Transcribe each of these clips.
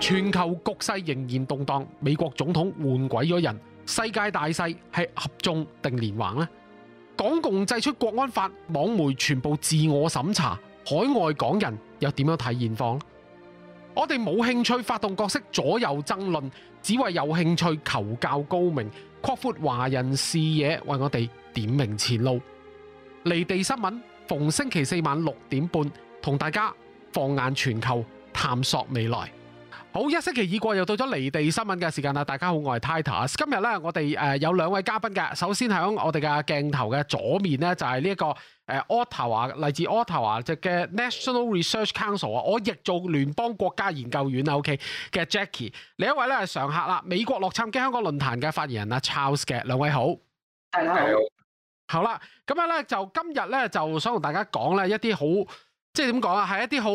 全球局勢仍然動盪，美國總統換鬼咗人，世界大勢係合縱定連橫咧？港共制出國安法，網媒全部自我審查，海外港人又點樣睇現況？我哋冇興趣發動角色左右爭論，只為有興趣求教高明，擴闊，闊華人視野，為我哋點名前路。離地新聞逢星期四晚六點半，同大家放眼全球，探索未來。好，一星期已過，又到咗離地新聞嘅時間啦！大家好，我係 Titus。今日咧，我哋誒、呃、有兩位嘉賓嘅。首先喺我哋嘅鏡頭嘅左面咧，就係呢一個誒 Ottawa 啊，嚟、呃、自 Ottawa 啊嘅 National Research Council 啊，我亦做聯邦國家研究院 OK 嘅 Jackie，另一位咧係常客啦，美國洛杉磯香港論壇嘅發言人啊 Charles 嘅。兩位好，係啦 Hello.，好。好啦，咁樣咧就今日咧就想同大家講咧一啲好，即係點講啊？係一啲好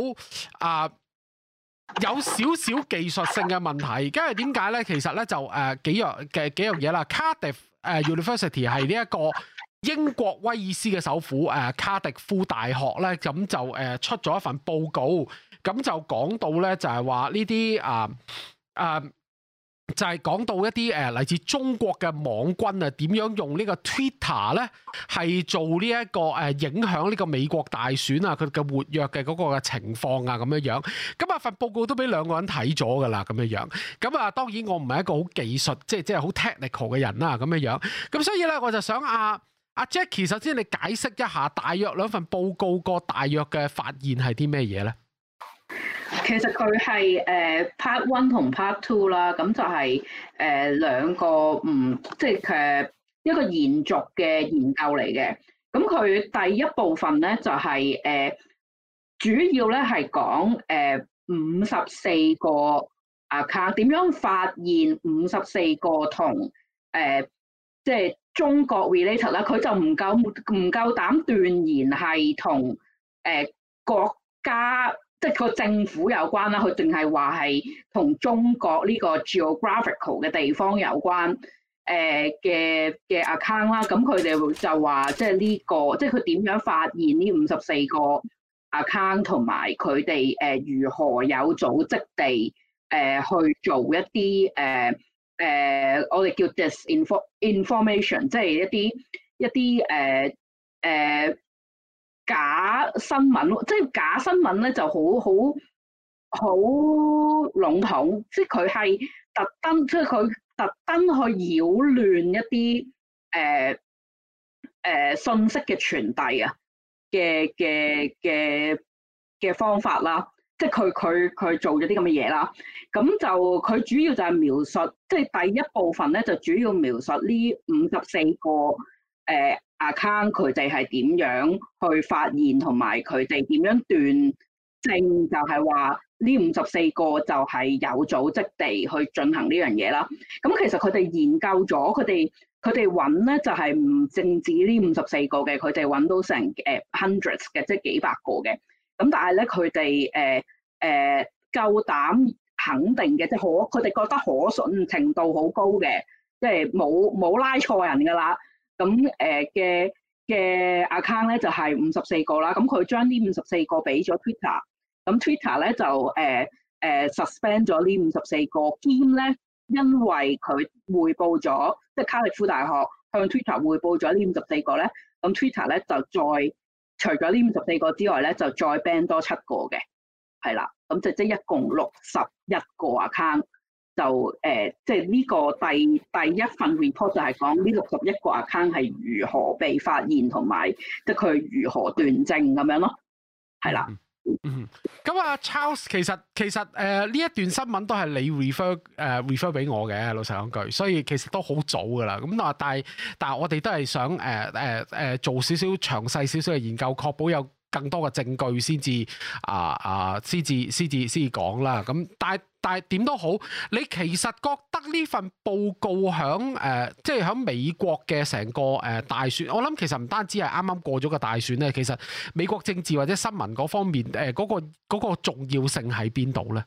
啊。呃有少少技術性嘅問題，而家係點解咧？其實咧就誒、呃、幾樣嘅幾樣嘢啦。Cardiff 誒 University 係呢一個英國威爾斯嘅首府誒、呃、卡迪夫大學咧，咁就誒、呃、出咗一份報告，咁就講到咧就係話呢啲誒誒。呃呃就係講到一啲誒嚟自中國嘅網軍啊，點樣用呢個 Twitter 咧，係做呢一個誒影響呢個美國大選啊佢嘅活躍嘅嗰個嘅情況啊咁樣樣。咁啊份報告都俾兩個人睇咗㗎啦，咁樣樣。咁啊當然我唔係一個好技術，即係即係好 technical 嘅人啦，咁樣樣。咁所以咧，我就想阿阿 Jacky 首先你解釋一下大約兩份報告個大約嘅發現係啲咩嘢咧？其實佢係誒 part one 同 part two 啦，咁就係、是、誒、呃、兩個唔、嗯、即係誒一個延續嘅研究嚟嘅。咁、嗯、佢第一部分咧就係、是、誒、呃、主要咧係講誒五十四個 account 點樣發現五十四個同誒、呃、即係中國 related 啦，佢就唔夠唔夠膽斷言係同誒、呃、國家。即係個政府有關啦，佢淨係話係同中國呢個 geographical 嘅地方有關，誒嘅嘅 account 啦、啊，咁佢哋就話即係呢、呢個，即係佢點樣發現呢五十四個 account 同埋佢哋誒如何有組織地誒、呃、去做一啲誒誒我哋叫 disinformation 即係一啲一啲誒誒。呃呃假新聞，即係假新聞咧，就好好好籠統，即係佢係特登，即係佢特登去擾亂一啲誒誒信息嘅傳遞啊嘅嘅嘅嘅方法啦，即係佢佢佢做咗啲咁嘅嘢啦，咁就佢主要就係描述，即係第一部分咧就主要描述呢五十四個誒。呃阿 c 佢哋係點樣去發現，同埋佢哋點樣斷症，就係話呢五十四個就係有組織地去進行呢樣嘢啦。咁、嗯、其實佢哋研究咗，佢哋佢哋揾咧就係唔淨止呢五十四個嘅，佢哋揾到成誒 hundreds 嘅，即係幾百個嘅。咁、嗯、但係咧，佢哋誒誒夠膽肯定嘅，即係可佢哋覺得可信程度好高嘅，即係冇冇拉錯人㗎啦。咁誒嘅嘅 account 咧就係五十四個啦，咁佢將呢五十四個俾咗 Twitter，咁 Twitter 咧就誒誒 suspend 咗呢五十四個，兼咧、呃呃、因為佢匯報咗，即係卡利夫大學向 Twitter 匯報咗呢五十四個咧，咁 Twitter 咧就再除咗呢五十四個之外咧就再 ban 多七個嘅，係啦，咁就即係一共六十一個 account。就誒、呃，即係呢個第第一份 report 就係講呢六十一個 account 係如何被發現，同埋即係佢如何斷症咁樣咯，係啦嗯。嗯，咁啊，Charles 其實其實誒呢、呃、一段新聞都係你 refer 誒、呃、refer 俾我嘅老實講句，所以其實都好早噶啦。咁啊，但係但係我哋都係想誒誒誒做少少詳細少少嘅研究，確保有更多嘅證據先至啊啊，先至先至先至講啦。咁但係但係點都好，你其實覺得呢份報告喺誒，即係喺美國嘅成個誒、呃、大選。我諗其實唔單止係啱啱過咗個大選咧，其實美國政治或者新聞嗰方面誒嗰、呃嗰個嗰個重要性喺邊度咧？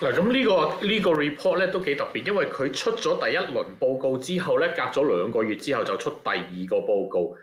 嗱、呢個，咁、呢個、呢個呢個 report 咧都幾特別，因為佢出咗第一輪報告之後咧，隔咗兩個月之後就出第二個報告。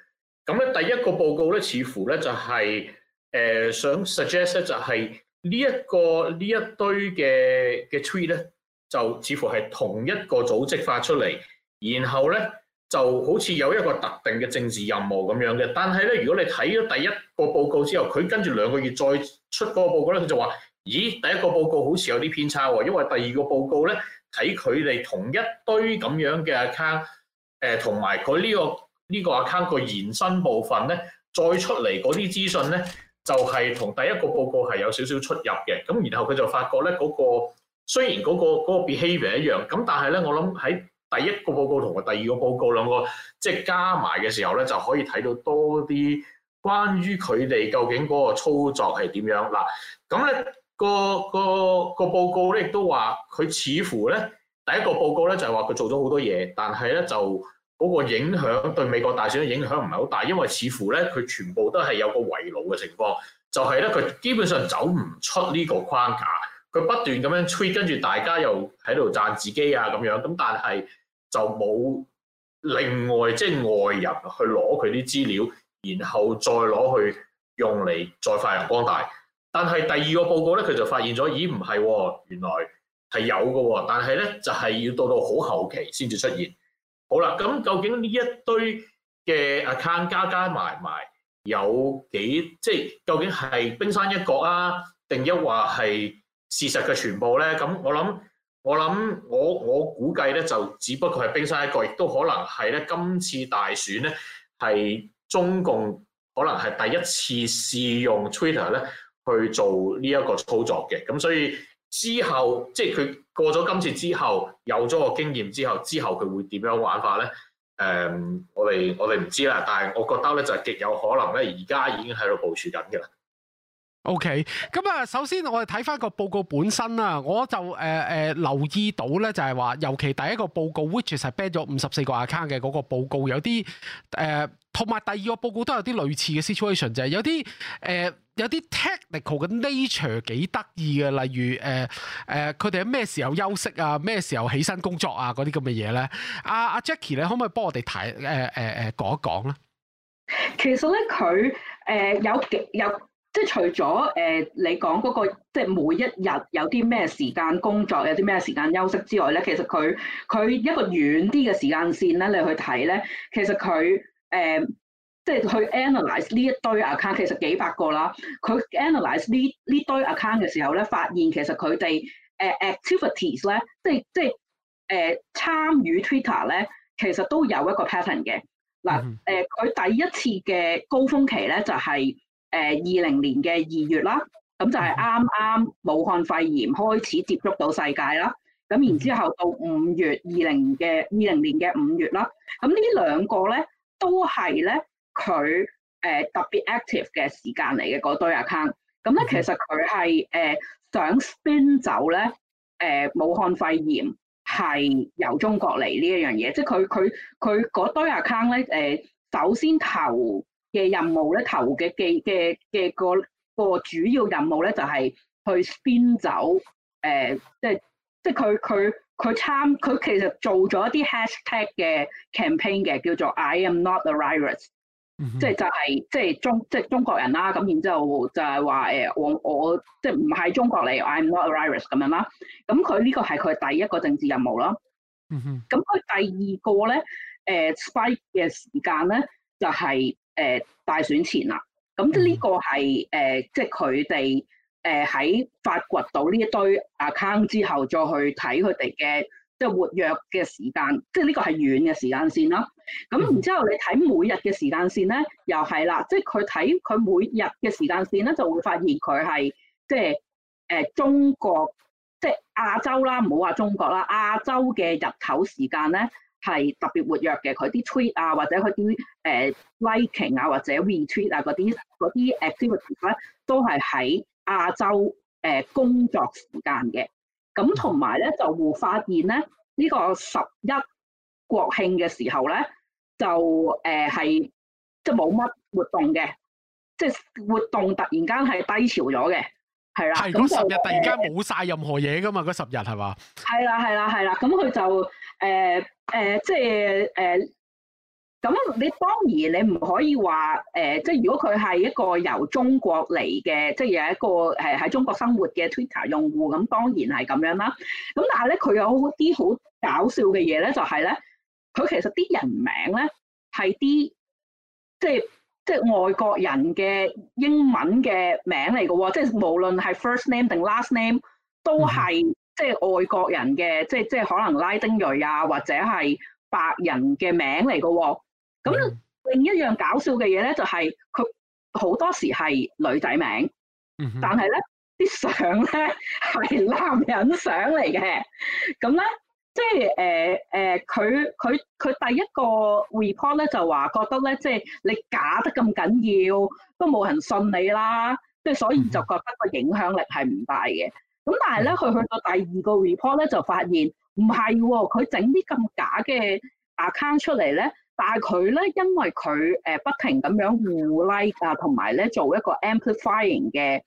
咁咧，第一個報告咧，似乎咧就係、是、誒、呃、想 suggest 咧、這個，就係呢一個呢一堆嘅嘅 tweet 咧，就似乎係同一個組織發出嚟，然後咧就好似有一個特定嘅政治任務咁樣嘅。但係咧，如果你睇咗第一個報告之後，佢跟住兩個月再出個報告咧，佢就話：咦，第一個報告好似有啲偏差喎、哦，因為第二個報告咧睇佢哋同一堆咁樣嘅 account，誒同埋佢呢個。呢個 account 個延伸部分咧，再出嚟嗰啲資訊咧，就係同第一個報告係有少少出入嘅。咁然後佢就發覺咧，嗰個雖然嗰個嗰個 behavior 一樣，咁但係咧，我諗喺第一個報告同個第二個報告兩個即係加埋嘅時候咧，就可以睇到多啲關於佢哋究竟嗰個操作係點樣嗱。咁咧個個個報告咧亦都話，佢似乎咧第一個報告咧就係話佢做咗好多嘢，但係咧就。嗰個影響對美國大選嘅影響唔係好大，因為似乎咧佢全部都係有個圍爐嘅情況，就係咧佢基本上走唔出呢個框架，佢不斷咁樣 tweet，跟住大家又喺度讚自己啊咁樣，咁但係就冇另外即係外人去攞佢啲資料，然後再攞去用嚟再發揚光大。但係第二個報告咧，佢就發現咗，咦唔係喎，原來係有嘅喎、哦，但係咧就係、是、要到到好後期先至出現。好啦，咁究竟呢一堆嘅 account 加加埋埋有幾？即係究竟係冰山一角啊，定抑或係事實嘅全部咧？咁我諗，我諗，我我估計咧就只不過係冰山一角，亦都可能係咧今次大選咧係中共可能係第一次試用 Twitter 咧去做呢一個操作嘅。咁所以之後即係佢。就是過咗今次之後，有咗個經驗之後，之後佢會點樣玩法咧？誒、嗯，我哋我哋唔知啦，但係我覺得咧，就係、是、極有可能咧，而家已經喺度部署緊嘅啦。OK，咁啊，首先我哋睇返個報告本身啦，我就誒誒、呃呃、留意到咧，就係話，尤其第一個報告，which 係 ban 咗五十四個 account 嘅嗰、那個報告有，有啲誒。同埋第二個報告都有啲類似嘅 situation，就係、是、有啲誒、呃、有啲 technical 嘅 nature 幾得意嘅，例如誒誒佢哋喺咩時候休息啊，咩時候起身工作啊，嗰啲咁嘅嘢咧。阿、啊、阿、啊、Jackie 咧，可唔可以幫我哋睇誒誒誒講一講咧？其實咧，佢誒、呃、有幾有即係除咗誒、呃、你講嗰、那個即係每一日有啲咩時間工作，有啲咩時間休息之外咧，其實佢佢一個遠啲嘅時間線咧，你去睇咧，其實佢。誒、嗯，即係去 analyze 呢一堆 account，其實幾百個啦。佢 analyze 呢呢堆 account 嘅時候咧，發現其實佢哋誒 activities 咧，即係即係誒參與 Twitter 咧，其實都有一個 pattern 嘅。嗱，誒、呃、佢第一次嘅高峰期咧，就係誒二零年嘅二月啦。咁就係啱啱武漢肺炎開始接觸到世界啦。咁然之後到五月二零嘅二零年嘅五月啦。咁呢兩個咧。都係咧，佢、呃、誒特別 active 嘅時間嚟嘅嗰堆 account。咁咧，其實佢係誒想 spin 走咧，誒、呃、武漢肺炎係由中國嚟呢一樣嘢。即係佢佢佢嗰堆 account 咧，誒、呃、首先投嘅任務咧，投嘅嘅嘅嘅個個主要任務咧，就係、是、去 spin 走誒、呃，即係即係佢佢。佢參佢其實做咗一啲 hashtag 嘅 campaign 嘅，叫做 I am not a virus、嗯、哼即係就係、是、即係中即係中國人啦，咁然之後就係話誒我，我即係唔係中國嚟，I am not a virus 咁樣啦。咁佢呢個係佢第一個政治任務啦。咁佢、嗯、哼第二個咧，誒 spike 嘅時間咧就係、是、誒、呃、大選前啦。咁呢個係誒、嗯哼呃、即係佢哋。誒喺、呃、發掘到呢一堆 account 之後，再去睇佢哋嘅即係活躍嘅時間，即係呢個係遠嘅時間線啦。咁然之後你睇每日嘅時間線咧，又係啦，即係佢睇佢每日嘅時間線咧，就會發現佢係即係誒、呃、中國即係亞洲啦，唔好話中國啦，亞洲嘅入口時間咧係特別活躍嘅，佢啲 tweet 啊，或者佢啲誒 liking 啊，或者 retweet 啊嗰啲嗰啲 activity 咧都係喺。亞洲誒、呃、工作時間嘅，咁同埋咧就會發現咧呢、呢個十一國慶嘅時候咧就誒係即係冇乜活動嘅，即係活動突然間係低潮咗嘅，係啦。係咁是十日突然間冇晒任何嘢噶嘛？嗰十日係嘛？係啦係啦係啦，咁佢就誒誒、呃呃、即係誒。呃咁你當然你唔可以話誒、呃，即係如果佢係一個由中國嚟嘅，即係有一個誒喺中國生活嘅 Twitter 用戶，咁當然係咁樣啦。咁但係咧，佢有啲好搞笑嘅嘢咧，就係咧，佢其實啲人名咧係啲即係即係外國人嘅英文嘅名嚟嘅喎，即係無論係 first name 定 last name 都係、嗯、即係外國人嘅，即係即係可能拉丁裔啊或者係白人嘅名嚟嘅喎。咁、嗯、另一樣搞笑嘅嘢咧，就係佢好多時係女仔名，嗯、哼但係咧啲相咧係男人相嚟嘅。咁、嗯、咧即係誒誒，佢佢佢第一個 report 咧就話覺得咧，即係你假得咁緊要，都冇人信你啦。即係所以就覺得個影響力係唔大嘅。咁、嗯、哼但係咧，佢去到第二個 report 咧，就發現唔係喎，佢整啲咁假嘅 account 出嚟咧。但係佢咧，因為佢誒不停咁樣互 like 啊，同埋咧做一個 amplifying 嘅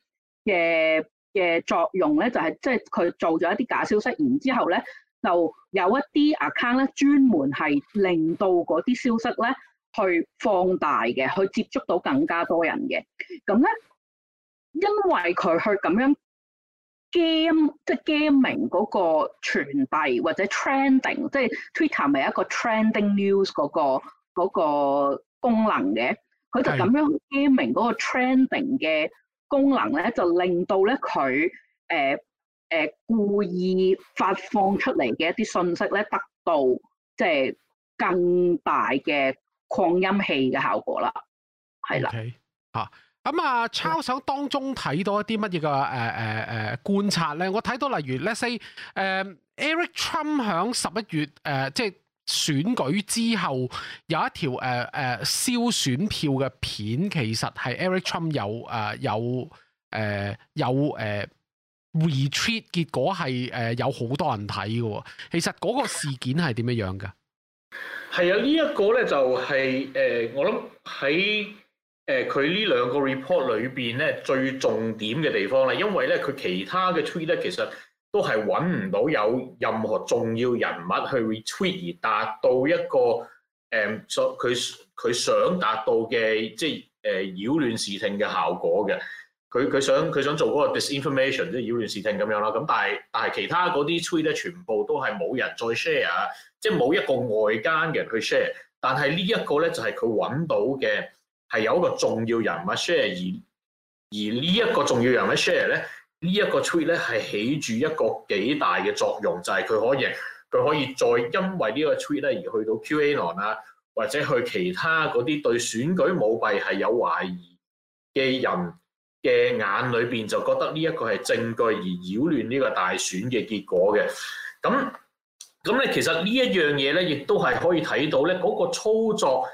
嘅嘅作用咧，就係即係佢做咗一啲假消息，然之後咧就有一啲 account 咧，專門係令到啲消息咧去放大嘅，去接觸到更加多人嘅。咁咧，因為佢去咁樣。game 即係 gaming 嗰個傳遞或者 trending，即係 Twitter 咪一個 trending news 嗰個嗰個功能嘅，佢的就咁樣 gaming 嗰個 trending 嘅功能咧，就令到咧佢誒誒故意發放出嚟嘅一啲信息咧，得到即係更大嘅擴音器嘅效果啦，係啦，啊。Okay. Ah. 咁啊，抄手當中睇到一啲乜嘢嘅誒誒誒觀察咧？我睇到例如，Let's say 誒、呃、Eric Trump 響十一月誒、呃，即係選舉之後有一條誒誒燒選票嘅片，其實係 Eric Trump 有誒、呃、有誒有、呃、誒 retreat，結果係誒有好多人睇嘅。其實嗰個事件係點樣樣嘅？係啊、就是，呢一個咧就係誒，我諗喺。誒佢呢兩個 report 裏邊咧最重點嘅地方咧，因為咧佢其他嘅 tweet 咧其實都係揾唔到有任何重要人物去 retweet 而達到一個誒所佢佢想達到嘅，即係誒擾亂視聽嘅效果嘅。佢佢想佢想做嗰個 disinformation，即係擾亂視聽咁樣啦。咁但係但係其他嗰啲 tweet 咧，全部都係冇人再 share，即係冇一個外間人去 share。但係呢一個咧就係佢揾到嘅。係有一個重要人物 share，而，而呢一個重要人物 share 咧，這個，呢一個 tweet 咧係起住一個幾大嘅作用，就係、是、佢可以佢可以再因為個呢個 tweet 咧而去到 QAnon 啊，或者去其他嗰啲對選舉舞弊係有懷疑嘅人嘅眼裏邊就覺得呢一個係證據而擾亂呢個大選嘅結果嘅。咁咁咧，你其實呢一樣嘢咧，亦都係可以睇到咧，嗰個操作。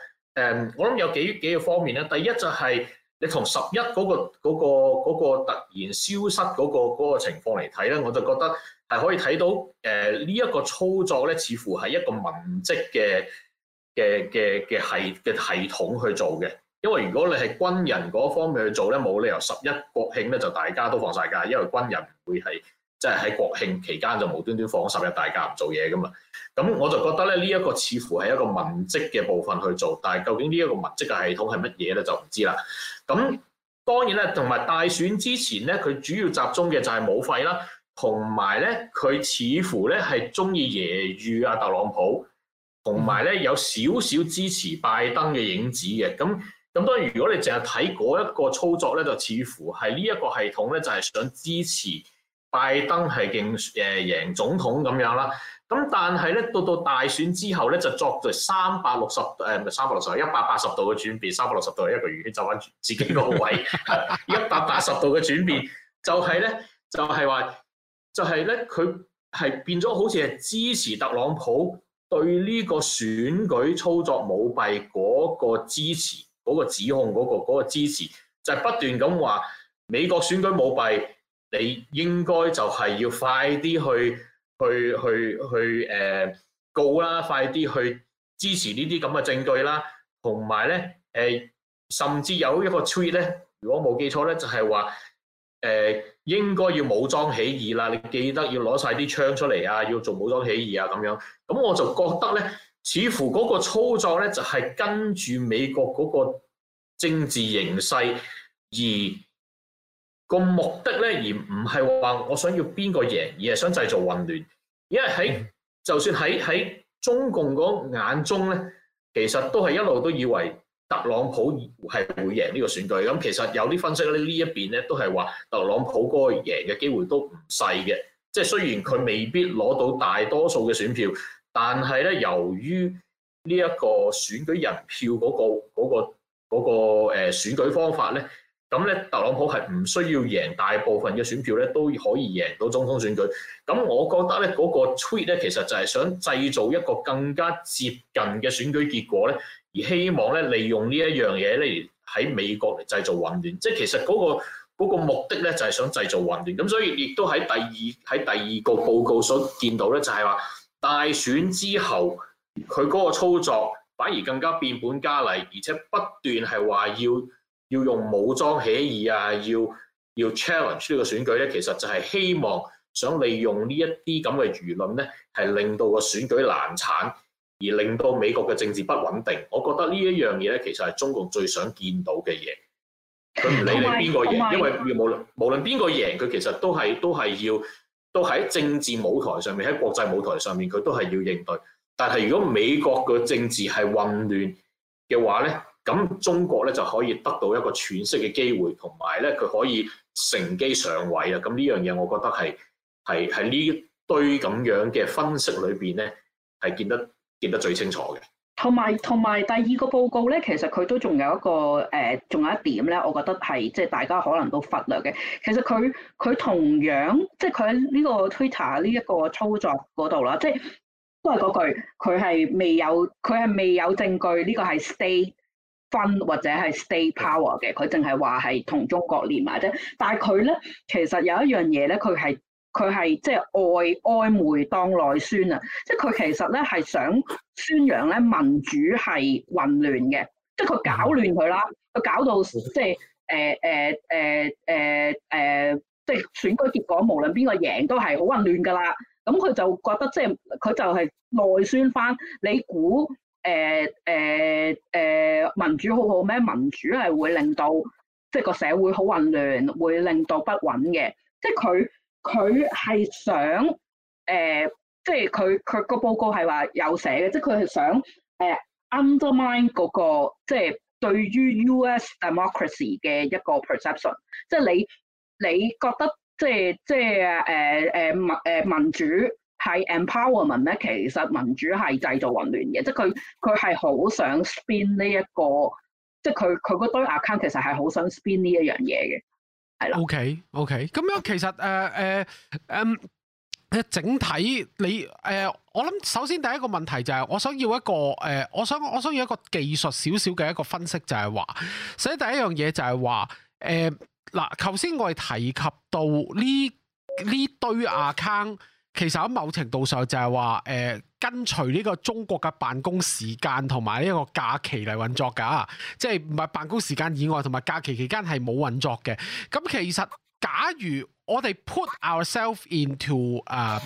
誒，我諗有幾幾個方面咧。第一就係你從十一嗰個嗰個嗰個突然消失嗰個嗰個情況嚟睇咧，我就覺得係可以睇到誒呢一個操作咧，似乎係一個文職嘅嘅嘅嘅係嘅系統去做嘅。因為如果你係軍人嗰方面去做咧，冇理由十一國慶咧就大家都放晒假，因為軍人唔會係。即係喺國慶期間就無端端放十日大假唔做嘢噶嘛，咁我就覺得咧呢一個似乎係一個文職嘅部分去做，但係究竟呢一個文職嘅系統係乜嘢咧就唔知啦。咁當然咧同埋大選之前咧，佢主要集中嘅就係武肺啦，同埋咧佢似乎咧係中意揶揄阿特朗普，同埋咧有少少支持拜登嘅影子嘅。咁咁當然如果你淨係睇嗰一個操作咧，就似乎係呢一個系統咧就係想支持。拜登係勁誒贏總統咁樣啦，咁但係咧到到大選之後咧，就作咗三百六十，誒唔係三百六十度，一百八十度嘅轉變，三百六十度一個圓圈走返自己個位，一百八十度嘅轉變就係、是、咧就係、是、話就係咧佢係變咗好似係支持特朗普對呢個選舉操作舞弊嗰個支持嗰、那個指控嗰、那個那個支持，就係、是、不斷咁話美國選舉舞弊。你應該就係要快啲去去去去誒告啦，快啲去支持呢啲咁嘅證據啦，同埋咧誒，甚至有一個 tweet 咧，如果冇記錯咧，就係話誒應該要武裝起義啦，你記得要攞晒啲槍出嚟啊，要做武裝起義啊咁樣。咁我就覺得咧，似乎嗰個操作咧就係跟住美國嗰個政治形勢而。個目的咧，而唔係話我想要邊個贏，而係想製造混亂。因為喺就算喺喺中共嗰眼中咧，其實都係一路都以為特朗普係會贏呢個選舉。咁其實有啲分析咧，呢一邊咧都係話特朗普嗰個贏嘅機會都唔細嘅。即係雖然佢未必攞到大多數嘅選票，但係咧，由於呢一個選舉人票嗰個嗰個嗰個誒選舉方法咧。咁咧，特朗普係唔需要贏大部分嘅選票咧，都可以贏到總統選舉。咁我覺得咧，嗰個 tweet 咧，其實就係想製造一個更加接近嘅選舉結果咧，而希望咧利用呢一樣嘢嚟喺美國嚟製造混亂。即係其實嗰個目的咧，就係想製造混亂。咁所以亦都喺第二喺第二個報告所見到咧，就係話大選之後佢嗰個操作反而更加變本加厲，而且不斷係話要。要用武裝起義啊！要要 challenge 呢個選舉咧，其實就係希望想利用呢一啲咁嘅輿論咧，係令到個選舉難產，而令到美國嘅政治不穩定。我覺得呢一樣嘢咧，其實係中共最想見到嘅嘢。佢唔理你邊個贏，oh my 因為無論、oh my 無論邊個贏，佢其實都係都係要都喺政治舞台上面，喺國際舞台上面，佢都係要應對。但係如果美國嘅政治係混亂嘅話咧？咁中國咧就可以得到一個喘息嘅機會，同埋咧佢可以乘機上位啊！咁呢樣嘢，我覺得係係喺呢堆咁樣嘅分析裏邊咧，係見得見得最清楚嘅。同埋同埋第二個報告咧，其實佢都仲有一個誒，仲有一點咧，我覺得係即係大家可能都忽略嘅。其實佢佢同樣即係佢喺呢個 Twitter 呢一個操作嗰度啦，即係都係嗰句，佢係未有佢係未有證據呢個係 stay。分或者係 state power 嘅，佢淨係話係同中國連埋啫。但係佢咧，其實有一樣嘢咧，佢係佢係即係外外媒當內宣啊，即係佢其實咧係想宣揚咧民主係混亂嘅，即係佢搞亂佢啦，佢搞到即係誒誒誒誒誒，即、就、係、是呃呃呃呃呃就是、選舉結果無論邊個贏都係好混亂噶啦。咁佢就覺得即係佢就係、是、內宣翻，你估？誒誒誒民主好好咩？民主係會令到即係個社會好混亂，會令到不穩嘅。即係佢佢係想誒、呃，即係佢佢個報告係話有寫嘅，即係佢係想誒、呃、undermine 嗰、那個即係對於 US democracy 嘅一個 perception，即係你你覺得即係即係誒誒民誒民主。係 empowerment 咩？Emp ment，其實民主係製造混亂嘅，即係佢佢係好想 spin 呢、這、一個，即係佢佢嗰堆 account 其實係好想 spin 呢一樣嘢嘅，係啦。O K O K，咁樣其實誒誒誒，整體你誒、呃，我諗首先第一個問題就係我想要一個誒、呃，我想我想要一個技術少少嘅一個分析，就係話，所以第一樣嘢就係話誒嗱，頭、呃、先我哋提及到呢呢堆 account。其實喺某程度上就係話，誒、呃、跟隨呢個中國嘅辦公時間同埋呢個假期嚟運作噶，即係唔係辦公時間以外，同埋假期期間係冇運作嘅。咁其實，假如我哋 put ourselves into 誒、uh，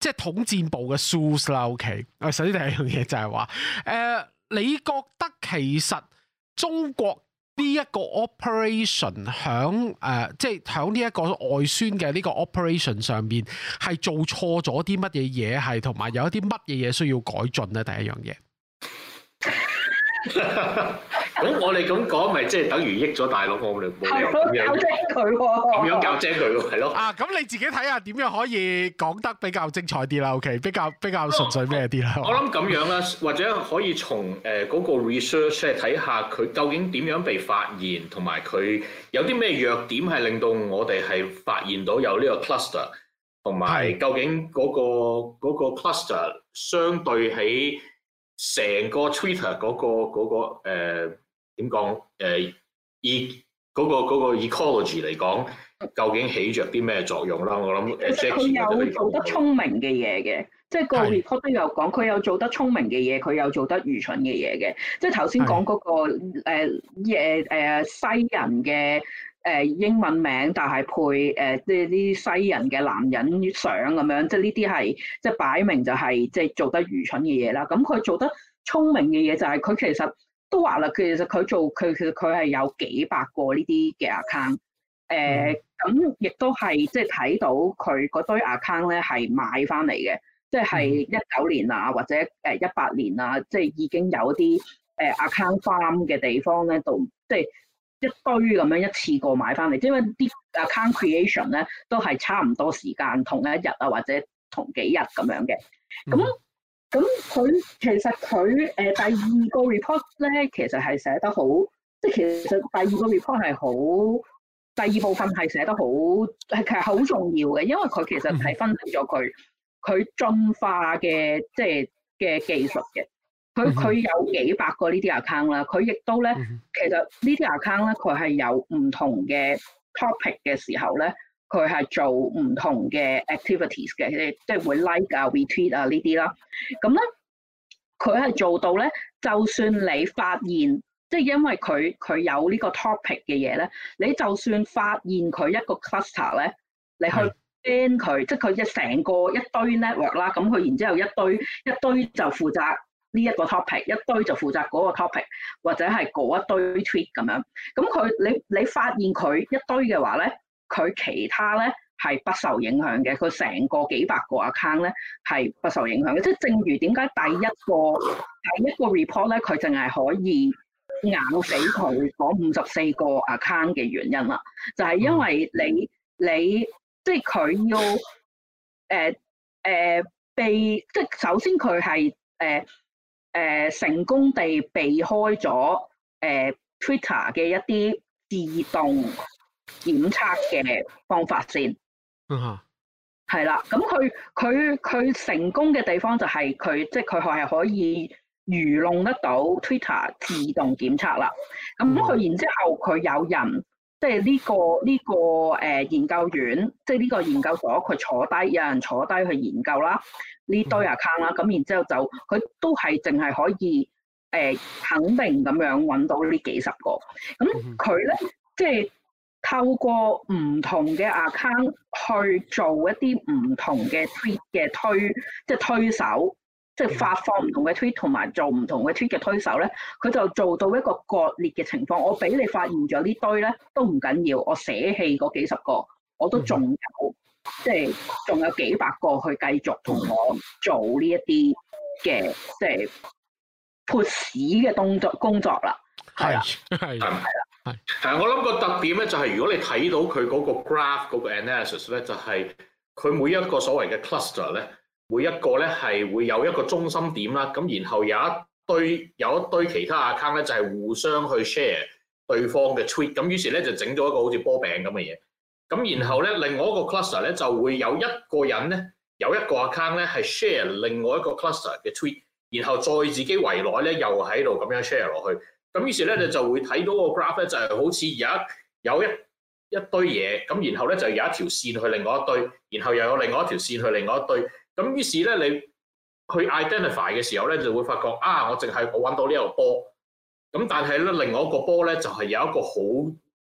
即係統戰部嘅 shoes 啦，OK。啊，首先第一樣嘢就係、是、話，誒、呃，你覺得其實中國呢一個 operation 響誒，即係響呢一個外宣嘅呢個 operation 上邊，係做錯咗啲乜嘢嘢係，同埋有一啲乜嘢嘢需要改進咧？第一樣嘢。 咁 我哋咁講，咪即係等於益咗大佬。我哋冇益佢，咁 樣教精佢咯？係咯。啊，咁你自己睇下點樣可以講得比較精彩啲啦？OK，比較比較純粹咩啲啦？我諗咁樣啦，或者可以從誒嗰、呃嗰個 research 咧睇下佢究竟點樣被發現，同埋佢有啲咩弱點係令到我哋係發現到有呢個 cluster，同埋究竟嗰、嗰個是、嗰個嗰個、cluster 相對喺成個 Twitter 嗰、嗰個嗰、嗰個嗰個呃點講？誒，以嗰個嗰個 ecology 嚟講，究竟起着啲咩作用啦？我諗其實佢有做得聰明嘅嘢嘅，即係個 report 都有講，佢有做得聰明嘅嘢，佢有做得愚蠢嘅嘢嘅。即係頭先講嗰個誒嘢誒西人嘅誒英文名，但係配誒即係啲西人嘅男人相咁樣，即係呢啲係即係擺明就係即係做得愚蠢嘅嘢啦。咁佢做得聰明嘅嘢就係佢其實。都話啦，其實佢做佢其實佢係有幾百個、嗯呃就是、呢啲嘅 account，誒咁亦都係即係睇到佢嗰堆 account 咧係買翻嚟嘅，即係一九年啊或者誒一八年啊，即、就、係、是、已經有啲誒 account farm 嘅地方咧，度，即、就、係、是、一堆咁樣一次過買翻嚟，因為啲 account creation 咧都係差唔多時間同一日啊或者同幾日咁樣嘅，咁、嗯。咁佢其實佢誒、呃、第二個 report 咧，其實係寫得好，即係其實第二個 report 係好，第二部分係寫得好，係其實好重要嘅，因為佢其實係分析咗佢佢進化嘅即係嘅技術嘅，佢佢有幾百個 account，呢啲 account 啦，佢亦都咧其實呢啲 account 咧，佢係有唔同嘅 topic 嘅時候咧。佢係做唔同嘅 activities 嘅，即係即係會 like 啊、retweet 啊呢啲啦。咁咧，佢、嗯、係、嗯嗯嗯嗯、做到咧，就算你發現，即係因為佢佢有呢個 topic 嘅嘢咧，你就算發現佢一個 cluster 咧，你去 ban 佢，是即係佢一成個一堆 network 啦、嗯。咁佢然之後一堆一堆就負責呢一個 topic，一堆就負責嗰個 topic，或者係嗰一堆 tweet 咁樣。咁、嗯、佢你你發現佢一堆嘅話咧？佢其他咧係不受影響嘅，佢成個幾百個 account 咧係不受影響嘅，即係正如點解第一個第一個 report 咧，佢淨係可以咬死佢嗰五十四個 account 嘅原因啦，就係、是、因為你你即係佢要誒誒、呃呃、避，即係首先佢係誒誒成功地避開咗誒、呃、Twitter 嘅一啲自動。檢測嘅方法先，嗯嚇、uh，係、huh. 啦。咁佢佢佢成功嘅地方就係佢，即係佢係可以愚弄得到 Twitter 自動檢測啦。咁佢、uh huh. 然之後佢有人，即係呢、這個呢、這個誒、呃、研究院，即係呢個研究所，佢坐低有人坐低去研究啦，呢堆 account 啦、啊。咁、uh huh. 然之後就佢都係淨係可以誒、呃、肯定咁樣揾到呢幾十個。咁佢咧即係。透過唔同嘅 account 去做一啲唔同嘅 t w e t 嘅推，即係推手，即係發放唔同嘅 t w e t 同埋做唔同嘅 t w e t 嘅推手咧，佢就做到一個割裂嘅情況。我俾你發現咗呢堆咧都唔緊要，我捨棄嗰幾十個，我都仲有，嗯、哼即係仲有幾百個去繼續同我做呢一啲嘅即係 p 屎嘅動作工作啦。係啊，係啊 的，啦。 係，我諗個特點咧，就係如果你睇到佢嗰個 graph 嗰個 analysis 咧，就係佢每一個所謂嘅 cluster 咧，每一個咧係會有一個中心點啦，咁然後有一堆有一堆其他 account 咧，就係互相去 share 對方嘅 tweet，咁於是咧就整咗一個好似波餅咁嘅嘢，咁然後咧另外一個 cluster 咧就會有一個人咧有一個 account 咧係 share 另外一個 cluster 嘅 tweet，然後再自己圍內咧又喺度咁樣 share 落去。咁於是咧，你就會睇到個 graph 咧，就係好似有一有一一堆嘢，咁然後咧就有一條線去另外一堆，然後又有另外一條線去另外一堆。咁於是咧，你去 identify 嘅時候咧，就會發覺啊，我淨係我揾到呢個波。咁但係咧，另外一個波咧就係有一個好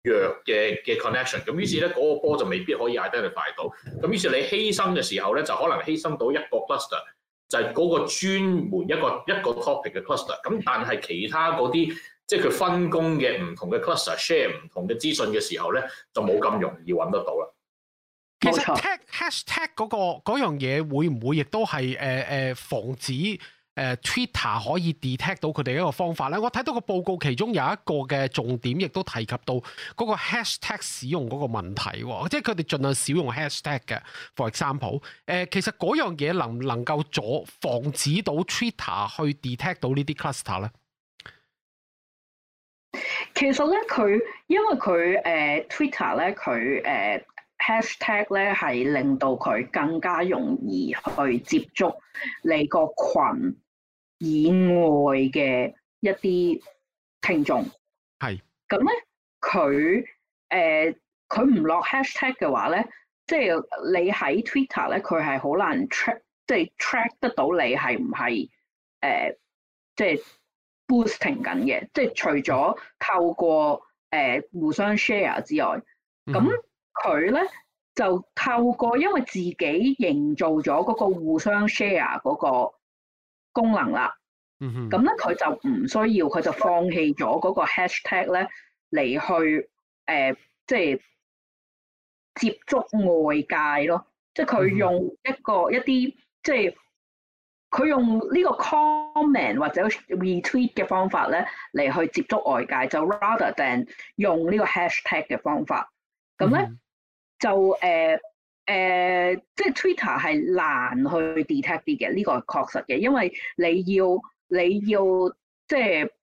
弱嘅嘅 connection。咁於是咧，嗰個波就未必可以 identify 到。咁於是你犧牲嘅時候咧，就可能犧牲到一個 cluster，就係嗰個專門一個一個 topic 嘅 cluster。咁但係其他嗰啲即係佢分工嘅唔同嘅 cluster share 唔同嘅資訊嘅時候咧，就冇咁容易揾得到啦。沒錯 其實 tag hashtag 嗰、嗰個樣嘢會唔會亦都係誒誒防止誒、呃、Twitter 可以 detect 到佢哋一個方法咧？我睇到個報告其中有一個嘅重點，亦都提及到嗰個 hashtag 使用嗰個問題，哦、即係佢哋儘量少用 hashtag 嘅。For example，誒、呃、其實嗰樣嘢能唔能夠阻防止到 Twitter 去 detect 到統統呢啲 cluster 咧？其實咧，佢因為佢誒、呃、Twitter 咧，佢誒、呃、hashtag 咧，係令到佢更加容易去接觸你個群以外嘅一啲聽眾。係。咁咧，佢誒佢唔落 hashtag 嘅話咧，即係你喺 Twitter 咧，佢係好難 track，即係 track 得到你係唔係誒即係。呃，就是 boosting 緊嘅，即係除咗透過誒、呃、互相 share 之外，咁佢咧就透過因為自己營造咗嗰個互相 share 嗰個功能啦，咁咧佢就唔需要佢就放棄咗嗰個 hashtag 咧嚟去誒，即、呃、係、就是、接觸外界咯，即係佢用一個、嗯、哼一啲即係。就是佢用呢個 comment 或者 retweet 嘅方法咧嚟去接觸外界，就 rather than 用呢個 hashtag 嘅方法。咁咧、mm hmm. 就誒誒，即、呃、係、呃就是、Twitter 係難去 detect 啲嘅，呢、呢個係確實嘅，因為你要你要即係、就是、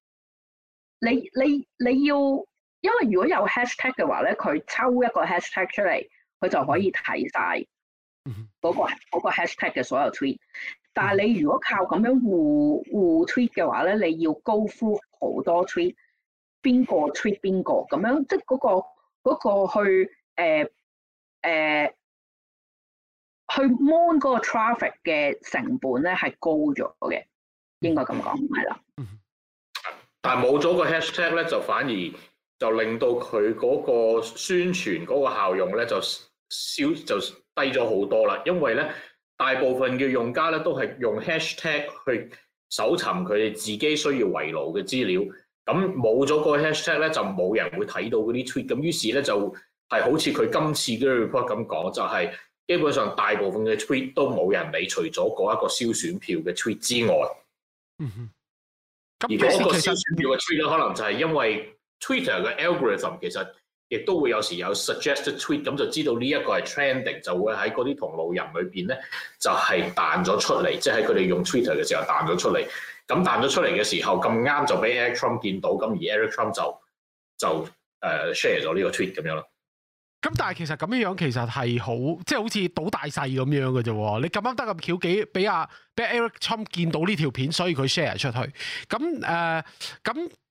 你你你要，因為如果有 hashtag 嘅話咧，佢抽一個 hashtag 出嚟，佢就可以睇晒嗰個嗰、mm hmm. 個 hashtag 嘅所有 tweet。但係你如果靠咁樣互互 tweet 嘅話咧，你要 go through 好多 tweet，邊個 tweet 邊個咁樣，即係嗰、嗰個嗰個去誒誒、呃呃、去 mon 嗰個 traffic 嘅成本咧係高咗嘅，應該咁講係啦。嗯、的但係冇咗個 hashtag 咧，就反而就令到佢嗰個宣傳嗰個效用咧就少就低咗好多啦，因為咧。大部分嘅用家咧都係用 hashtag 去搜尋佢哋自己需要圍爐嘅資料，咁冇咗個 hashtag 咧就冇人會睇到嗰啲 tweet。咁於是咧就係好似佢今次嘅 report 咁講，就係、是、基本上大部分嘅 tweet 都冇人理，除咗嗰一個消選票嘅 tweet 之外。嗯哼、mm，hmm. 而嗰個消選票嘅 tweet 咧，可能就係因為 Twitter 嘅 algorithm 其實。亦都會有時有 suggest tweet 咁就知道呢一個係 trending，就會喺嗰啲同路人裏邊咧就係、是、彈咗出嚟，即係佢哋用 Twitter 嘅時候彈咗出嚟。咁彈咗出嚟嘅時候咁啱就俾 Eric Trump 見到，咁而 Eric Trump 就就誒、呃、share 咗呢個 tweet 咁樣咯。咁但係其實咁樣樣其實係好即係好似賭大細咁樣嘅啫喎。你咁啱得咁巧幾俾阿俾 Eric Trump 見到呢條片，所以佢 share 出去。咁誒咁。呃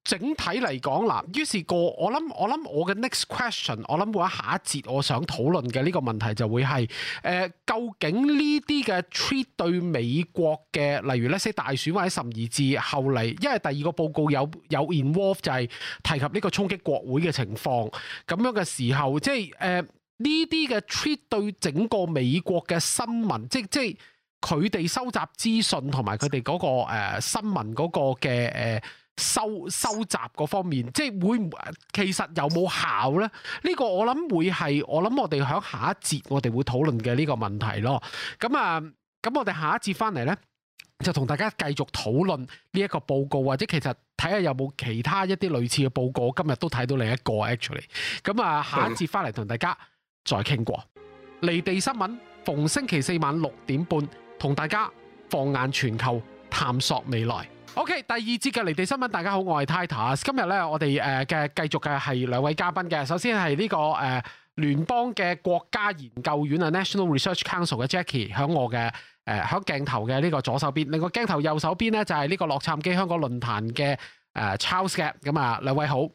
整體嚟講嗱，於是過我諗，我諗我嘅 next question，我諗會喺下一節我想討論嘅呢個問題就會係誒，究竟呢啲嘅 Treat 對美國嘅，例如呢些大選或者十二月後嚟，因為第二個報告有有 involve 就係提及呢個衝擊國會嘅情況，咁樣嘅時候，即係誒呢、呃、啲嘅 Treat 對整個美國嘅新聞，即即係佢哋收集資訊同埋佢哋嗰個、呃、新聞嗰個嘅誒。呃收收集嗰方面，即係會唔會其實有冇效呢？呢、呢個我諗會係我諗我哋喺下一節我哋會討論嘅呢個問題咯。咁啊，咁我哋下一節翻嚟呢，就同大家繼續討論呢一個報告，或者其實睇下有冇其他一啲類似嘅報告。我今日都睇到另一個 actually。咁啊，下一節翻嚟同大家再傾過。對離地新聞逢星期四晚六點半同大家放眼全球，探索未來。O.K. 第二節嘅離地新聞，大家好，我係 Titus。今日咧，我哋誒嘅繼續嘅係兩位嘉賓嘅。首先係呢、這個誒、呃、聯邦嘅國家研究院啊，National Research Council 嘅 Jackie，響我嘅誒響鏡頭嘅呢個左手邊。另外鏡頭右手邊咧就係、是、呢個洛杉磯香港論壇嘅誒、呃、Charles 嘅。咁啊，兩位好。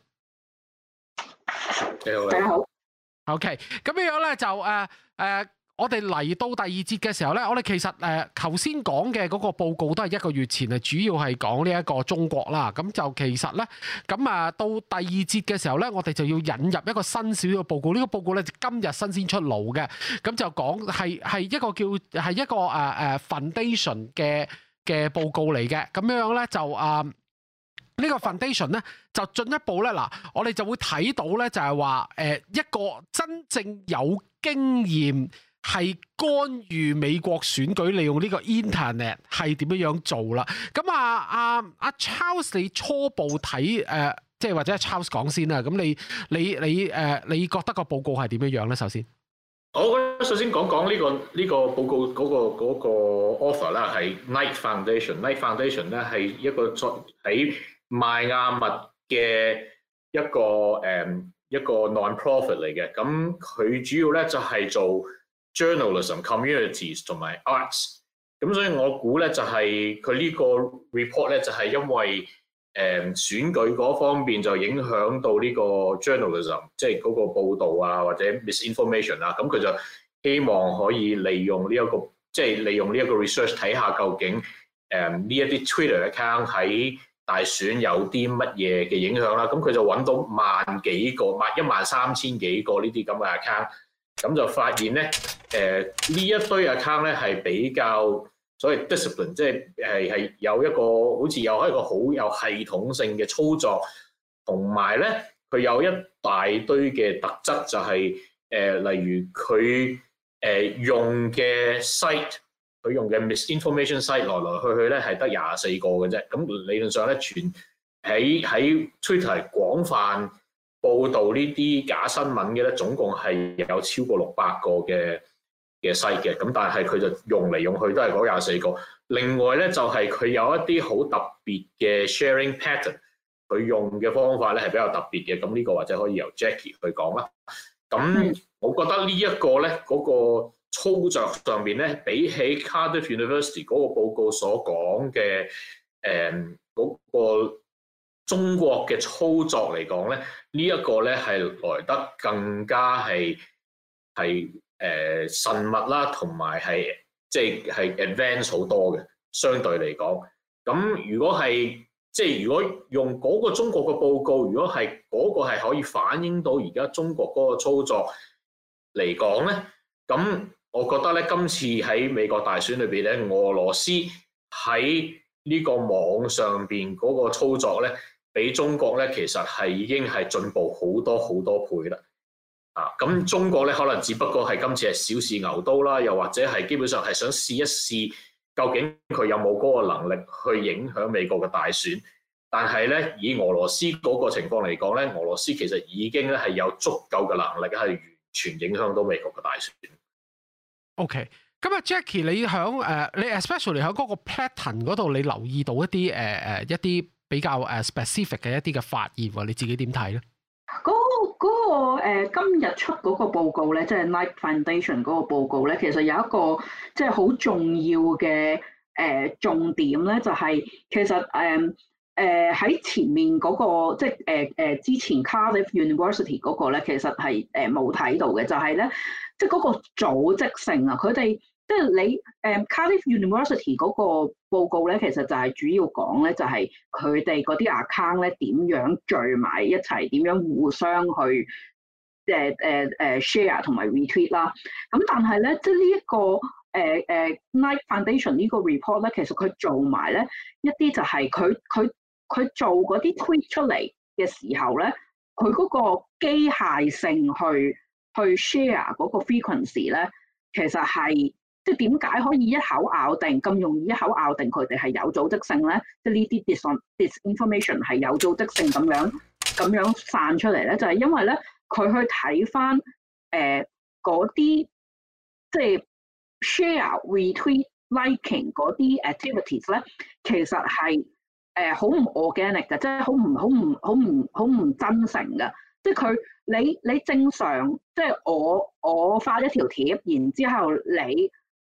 大家好。O.K. 咁樣咧就誒誒。呃呃我哋嚟到第二節嘅時候咧，我哋其實誒，頭先講嘅嗰個報告都係一個月前，誒，主要係講呢一個中國啦。咁就其實咧，咁啊，到第二節嘅時候咧，我哋就要引入一個新少少嘅報告。呢個報告咧今日新鮮出爐嘅。咁就講係係一個叫係一個誒誒、uh, foundation 嘅嘅報告嚟嘅。咁樣樣咧就啊，uh, 呢個 foundation 咧就進一步咧嗱，我哋就會睇到咧就係話誒一個真正有經驗。係干預美國選舉，利用呢個 internet 係點樣樣做啦？咁啊阿啊 Charles，你初步睇誒、呃，即係或者阿 Charles 講先啦。咁你你你誒、呃，你覺得個報告係點樣樣咧？首先，我首先講講呢個呢、這個報告嗰、那個 offer 啦，係、那個 er、Knight Foundation。Knight Foundation 咧係一個作喺邁阿密嘅一個誒、嗯、一個 non-profit 嚟嘅。咁佢主要咧就係做。journalism communities 同埋 arts，咁所以我估咧就係佢呢個 report 咧就係因為誒選舉嗰方面就影響到呢個 journalism，即係嗰個報導啊或者 misinformation 啦，咁佢就希望可以利用呢一個即係利用呢一個 research 睇下究竟誒呢一啲 Twitter account 喺大選有啲乜嘢嘅影響啦，咁佢就揾到萬幾個，萬一萬三千幾個呢啲咁嘅 account，咁就發現咧。誒呢一堆 account 咧係比較所謂 discipline，即係誒係有一個好似有一個好有系統性嘅操作，同埋咧佢有一大堆嘅特質，就係、是、誒、呃、例如佢誒用嘅 site，佢用嘅 misinformation site 來來去去咧係得廿四個嘅啫。咁理論上咧，全喺喺 Twitter 廣泛報導呢啲假新聞嘅咧，總共係有超過六百個嘅。嘅細嘅，咁但係佢就用嚟用去都係嗰廿四個。另外咧，就係、是、佢有一啲好特別嘅 sharing pattern，佢用嘅方法咧係比較特別嘅。咁呢個或者可以由 Jackie 去講啦。咁我覺得呢一個咧，嗰、那個操作上邊咧，比起 Cardiff University 嗰個報告所講嘅誒嗰個中國嘅操作嚟講咧，這個、呢一個咧係來得更加係係。誒神、呃、物啦，同埋係即係、就是、advance 好多嘅，相對嚟講。咁如果係即係如果用嗰個中國嘅報告，如果係嗰個係可以反映到而家中國嗰個操作嚟講咧，咁我覺得咧，今次喺美國大選裏邊咧，俄羅斯喺呢個網上邊嗰個操作咧，比中國咧其實係已經係進步好多好多倍啦。啊，咁中國咧可能只不過係今次係小試牛刀啦，又或者係基本上係想試一試究竟佢有冇嗰個能力去影響美國嘅大選，但係咧以俄羅斯嗰個情況嚟講咧，俄羅斯其實已經咧係有足夠嘅能力係完全影響到美國嘅大選。OK，咁啊 Jackie，你喺誒、uh, 你 especially 喺嗰個 pattern 嗰度，你留意到一啲誒誒一啲比較誒 specific 嘅一啲嘅發現喎，你自己點睇咧？嗰個誒今日出嗰個報告咧，即係 Night Foundation 嗰個報告咧，其實有一個即係好重要嘅誒重點咧，就係其實誒誒喺前面嗰個即係誒誒之前 Cardiff University 嗰個咧，其實係誒冇睇到嘅，就係咧即係嗰個組織性啊，佢哋。即係你誒、uh, Cardiff University 嗰個報告咧，其實就係主要講咧，就係佢哋嗰啲 account 咧點樣聚埋一齊，點樣互相去誒誒誒 share 同埋 retweet 啦。咁但係咧，即係、這個 uh, uh, 呢一個誒誒 Knight Foundation 呢個 report 咧，其實佢做埋咧一啲就係佢佢佢做嗰啲 tweet 出嚟嘅時候咧，佢嗰個機械性去去 share 嗰個 frequency 咧，其實係。即係點解可以一口咬定咁容易一口咬定佢哋係有組織性咧？即係呢啲 disinformation 係有組織性咁樣咁樣散出嚟咧，就係因為咧佢去睇返誒嗰啲即係 share、retweet、liking 嗰啲 activities 咧，其實係誒好唔 organic 嘅，即係好唔好唔好唔好唔真誠嘅。即係佢你你正常即係我我發一條貼，然之後你。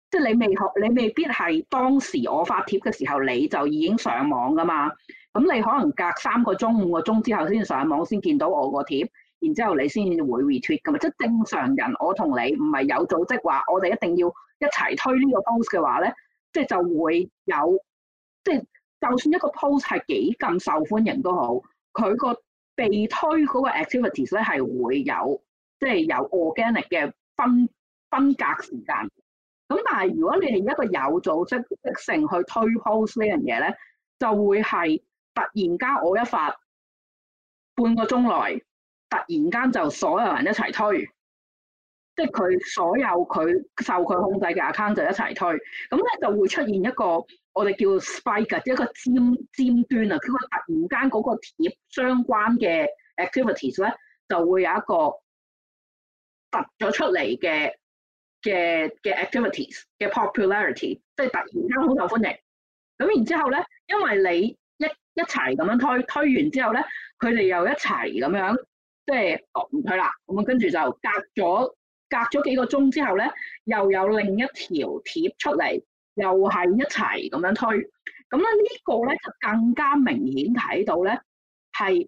即係你未學，你未必係當時我發貼嘅時候你就已經上網噶嘛？咁你可能隔三個鐘、五個鐘之後先上網先見到我個貼，然之後你先會 retweet 噶嘛？即係正常人，我同你唔係有組織話，我哋一定要一齊推呢個 post 嘅話咧，即係就會有，即係就算一個 post 係幾咁受歡迎都好，佢個被推嗰個 activities 咧係會有，即係有 organic 嘅分分隔時間。咁但係如果你係一個有組織、成去推 post 呢樣嘢咧，就會係突然間我一發半個鐘內，突然間就所有人一齊推，即係佢所有佢受佢控制嘅 account 就一齊推，咁咧就會出現一個我哋叫 spike，即係一個尖尖端啊！佢個突然間嗰個貼相關嘅 activities 咧，就會有一個突咗出嚟嘅。嘅嘅 activities 嘅 popularity，即係突然間好受歡迎。咁然之後咧，因為你一一齊咁樣推推完之後咧，佢哋又一齊咁樣，即係唔推啦。咁啊，跟住就隔咗隔咗幾個鐘之後咧，又有另一條貼出嚟，又係一齊咁樣推。咁咧呢個咧就更加明顯睇到咧，係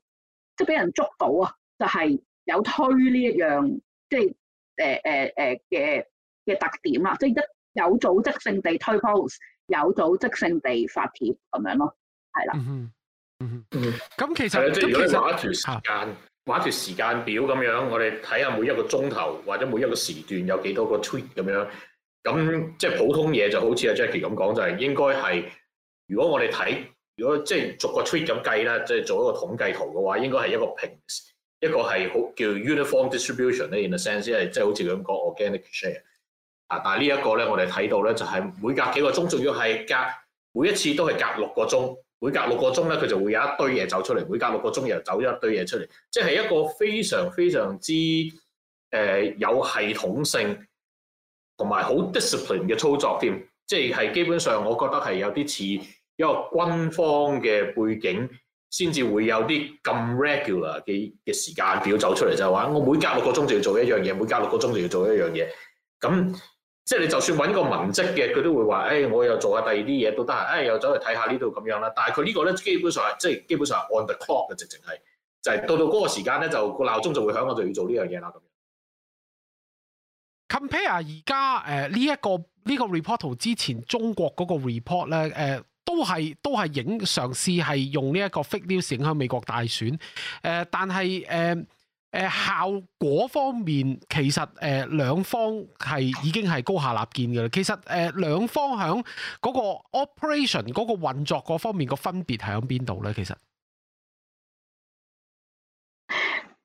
即係俾人捉到啊！就係、是、有推呢一樣，即係誒誒誒嘅。呃呃呃嘅特點啦，即係一有組織性地推 post，有組織性地發帖咁樣咯，係啦、嗯。嗯，嗯，嗯，嗯，嗯，咁其實，即係如果畫一條時間，畫、啊、一條時間表咁樣，我哋睇下每一個鐘頭或者每一個時段有幾多個 tweet 咁樣，咁即係普通嘢就好似阿 Jackie 咁講就係、是、應該係如果我哋睇，如果即係逐個 tweet 咁計啦，即、就、係、是、做一個統計圖嘅話應該係一個平，一個係好叫 uniform distribution 咧。In a sense，即係即係好似咁講 organic share。啊！但係呢一個咧，我哋睇到咧，就係每隔幾個鐘，仲要係隔每一次都係隔六個鐘。每隔六個鐘咧，佢就會有一堆嘢走出嚟。每隔六個鐘又走一堆嘢出嚟，即係一個非常非常之誒有系統性同埋好 discipline 嘅操作添。即係基本上，我覺得係有啲似一個軍方嘅背景，先至會有啲咁 regular 嘅嘅時間表走出嚟。就係話我每隔六個鐘就要做一樣嘢，每隔六個鐘就要做一樣嘢。咁即係你就算揾個文職嘅，佢都會話，誒、哎，我又做下第二啲嘢都得閒，誒、哎，又走去睇下呢度咁樣啦。但係佢呢個咧，基本上係即係基本上係 on the clock 嘅，直情係就係、係、到到嗰個時間咧，就個鬧鐘就會響，我就要做呢樣嘢啦。咁 Compare 而家誒呢一個呢、呢個 report 同之前中國嗰個 report 咧，誒、呃、都係都係影嘗試係用呢一個 fake news 影響美國大選，誒、呃，但係誒。呃誒，效果方面其實誒兩方係已經係高下立見嘅啦。其實誒、呃、兩方喺嗰、呃、個 operation 嗰個運作嗰方面個分別係喺邊度咧？其實誒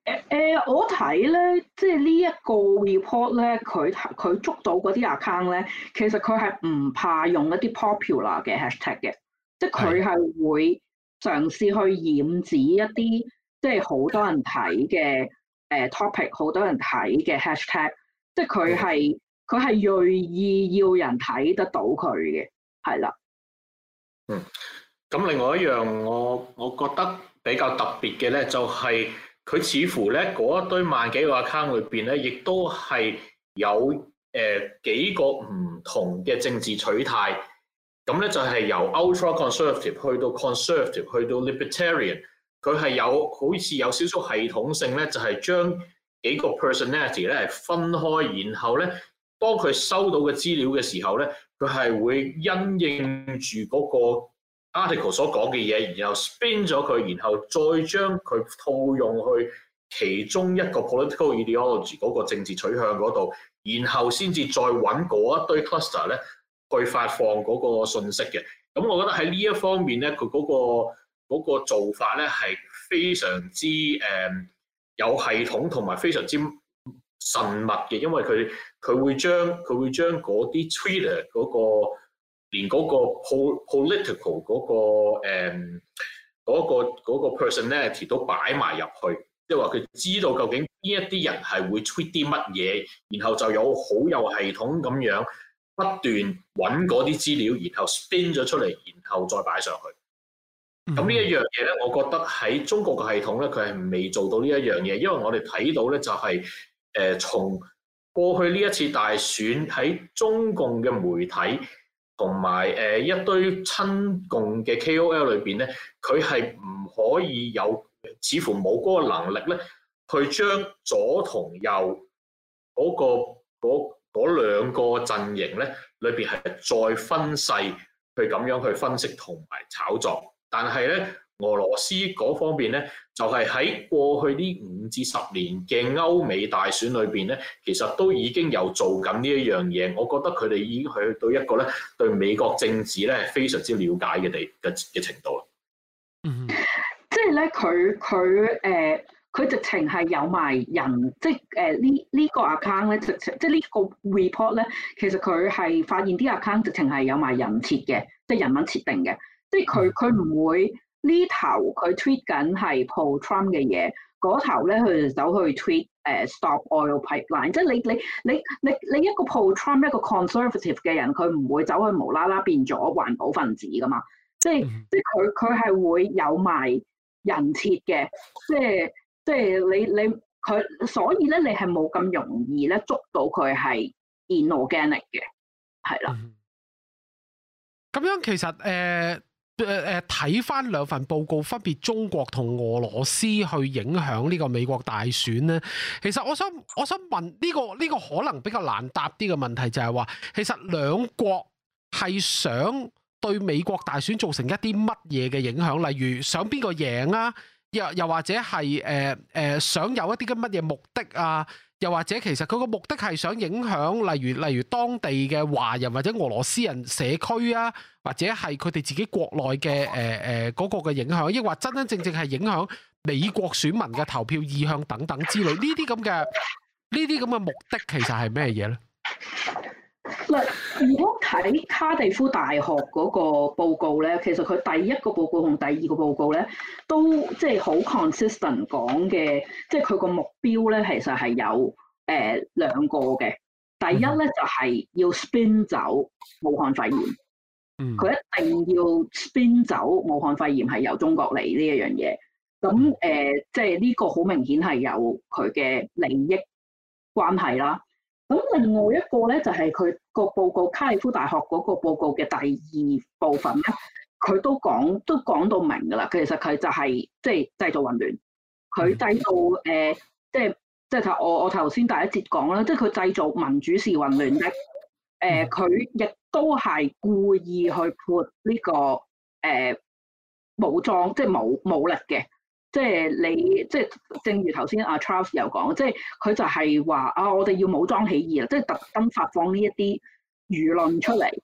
誒、呃，我睇咧，即係呢一個 report 咧，佢佢捉到嗰啲 account 咧，其實佢係唔怕用一啲 popular 嘅 hashtag 嘅，即係佢係會嘗試去染指一啲。即係好多人睇嘅誒 topic，好多人睇嘅 hashtag，即係佢係佢係銳意要人睇得到佢嘅，係啦。嗯，咁另外一樣我，我我覺得比較特別嘅咧，就係佢似乎咧嗰一堆萬幾個 account 裏邊咧，亦都係有誒、呃、幾個唔同嘅政治取態。咁咧就係由 ultra conservative 去到 conservative，去到 libertarian。佢係有好似有少少系統性咧，就係、是、將幾個 personality 咧係分開，然後咧當佢收到嘅資料嘅時候咧，佢係會因應住嗰個 article 所講嘅嘢，然後 spin 咗佢，然後再將佢套用去其中一個 political ideology 嗰個政治取向嗰度，然後先至再揾嗰一堆 cluster 咧去發放嗰個信息嘅。咁、嗯、我覺得喺呢一方面咧，佢嗰、嗰個嗰個做法咧係非常之誒、um，有系統同埋非常之神密嘅，因為佢佢會將佢會將嗰啲 tweet 嗰個連嗰個 po political 嗰個誒嗰、um，嗰個嗰個、personality 都擺埋入去，即係話佢知道究竟呢一啲人係會 tweet 啲乜嘢，然後就有好有系統咁樣不斷揾嗰啲資料，然後 spin 咗出嚟，然後再擺上去。咁呢一樣嘢咧，我覺得喺中國嘅系統咧，佢係未做到呢一樣嘢，因為我哋睇到咧就係、是、誒、呃、從過去呢一次大選喺中共嘅媒體同埋誒一堆親共嘅 KOL 裏邊咧，佢係唔可以有似乎冇嗰個能力咧，去將左同右嗰、那個嗰嗰兩個陣營咧裏邊係再分細去咁樣去分析同埋炒作。但係咧，俄羅斯嗰方面咧，就係、是、喺過去呢五至十年嘅歐美大選裏邊咧，其實都已經有做緊呢一樣嘢。我覺得佢哋已經去到一個咧，對美國政治咧非常之了解嘅地嘅嘅程度。即係咧，佢佢誒，佢、呃、直情係有埋人，即係誒、呃這個、呢呢個 account 咧，直即係呢個 report 咧，其實佢係發現啲 account 直情係有埋人設嘅，即係人物設定嘅。即係佢佢唔會呢頭佢 tweet 緊係 pro Trump 嘅嘢，嗰頭咧佢就走去 tweet 誒 stop oil pipeline。即係你你你你你一個 pro Trump 一個 conservative 嘅人，佢唔會走去無啦啦變咗環保分子噶嘛。即係即係佢佢係會有埋人設嘅。即係即係你你佢，所以咧你係冇咁容易咧捉到佢係 inorganic 嘅，係啦。咁、嗯、樣其實誒。呃誒誒，睇翻兩份報告，分別中國同俄羅斯去影響呢個美國大選咧。其實我想，我想問呢個呢個可能比較難答啲嘅問題，就係話，其實兩國係想對美國大選造成一啲乜嘢嘅影響？例如想邊個贏啊？又又或者係誒誒，想有一啲嘅乜嘢目的啊？又或者其實佢個目的係想影響，例如例如當地嘅華人或者俄羅斯人社區啊，或者係佢哋自己國內嘅誒誒嗰個嘅影響，抑或真真正正係影響美國選民嘅投票意向等等之類，呢啲咁嘅呢啲咁嘅目的其實係咩嘢咧？如果睇卡地夫大學嗰個報告咧，其實佢第一個報告同第二個報告咧，都即係好 consistent 講嘅，即係佢個目標咧，其實係有誒、呃、兩個嘅。第一咧就係、是、要 spin 走武漢肺炎，佢、嗯、一定要 spin 走武漢肺炎係由中國嚟呢一樣嘢。咁誒、呃，即係呢個好明顯係有佢嘅利益關係啦。咁另外一個咧，就係佢個報告，卡利夫大學嗰個報告嘅第二部分咧，佢都講都講到明㗎啦。其實佢就係即係製造混亂，佢製造誒即係即係頭我我頭先第一節講啦，即係佢製造民主式混亂嘅。誒、呃，佢、嗯、亦都係故意去闊呢、這個誒、呃、武裝，即、就、係、是、武武力嘅。即係你，即係正如頭先阿 Charles 有講，即係佢就係話啊，我哋要武裝起義啦！即係特登發放呢一啲輿論出嚟，誒、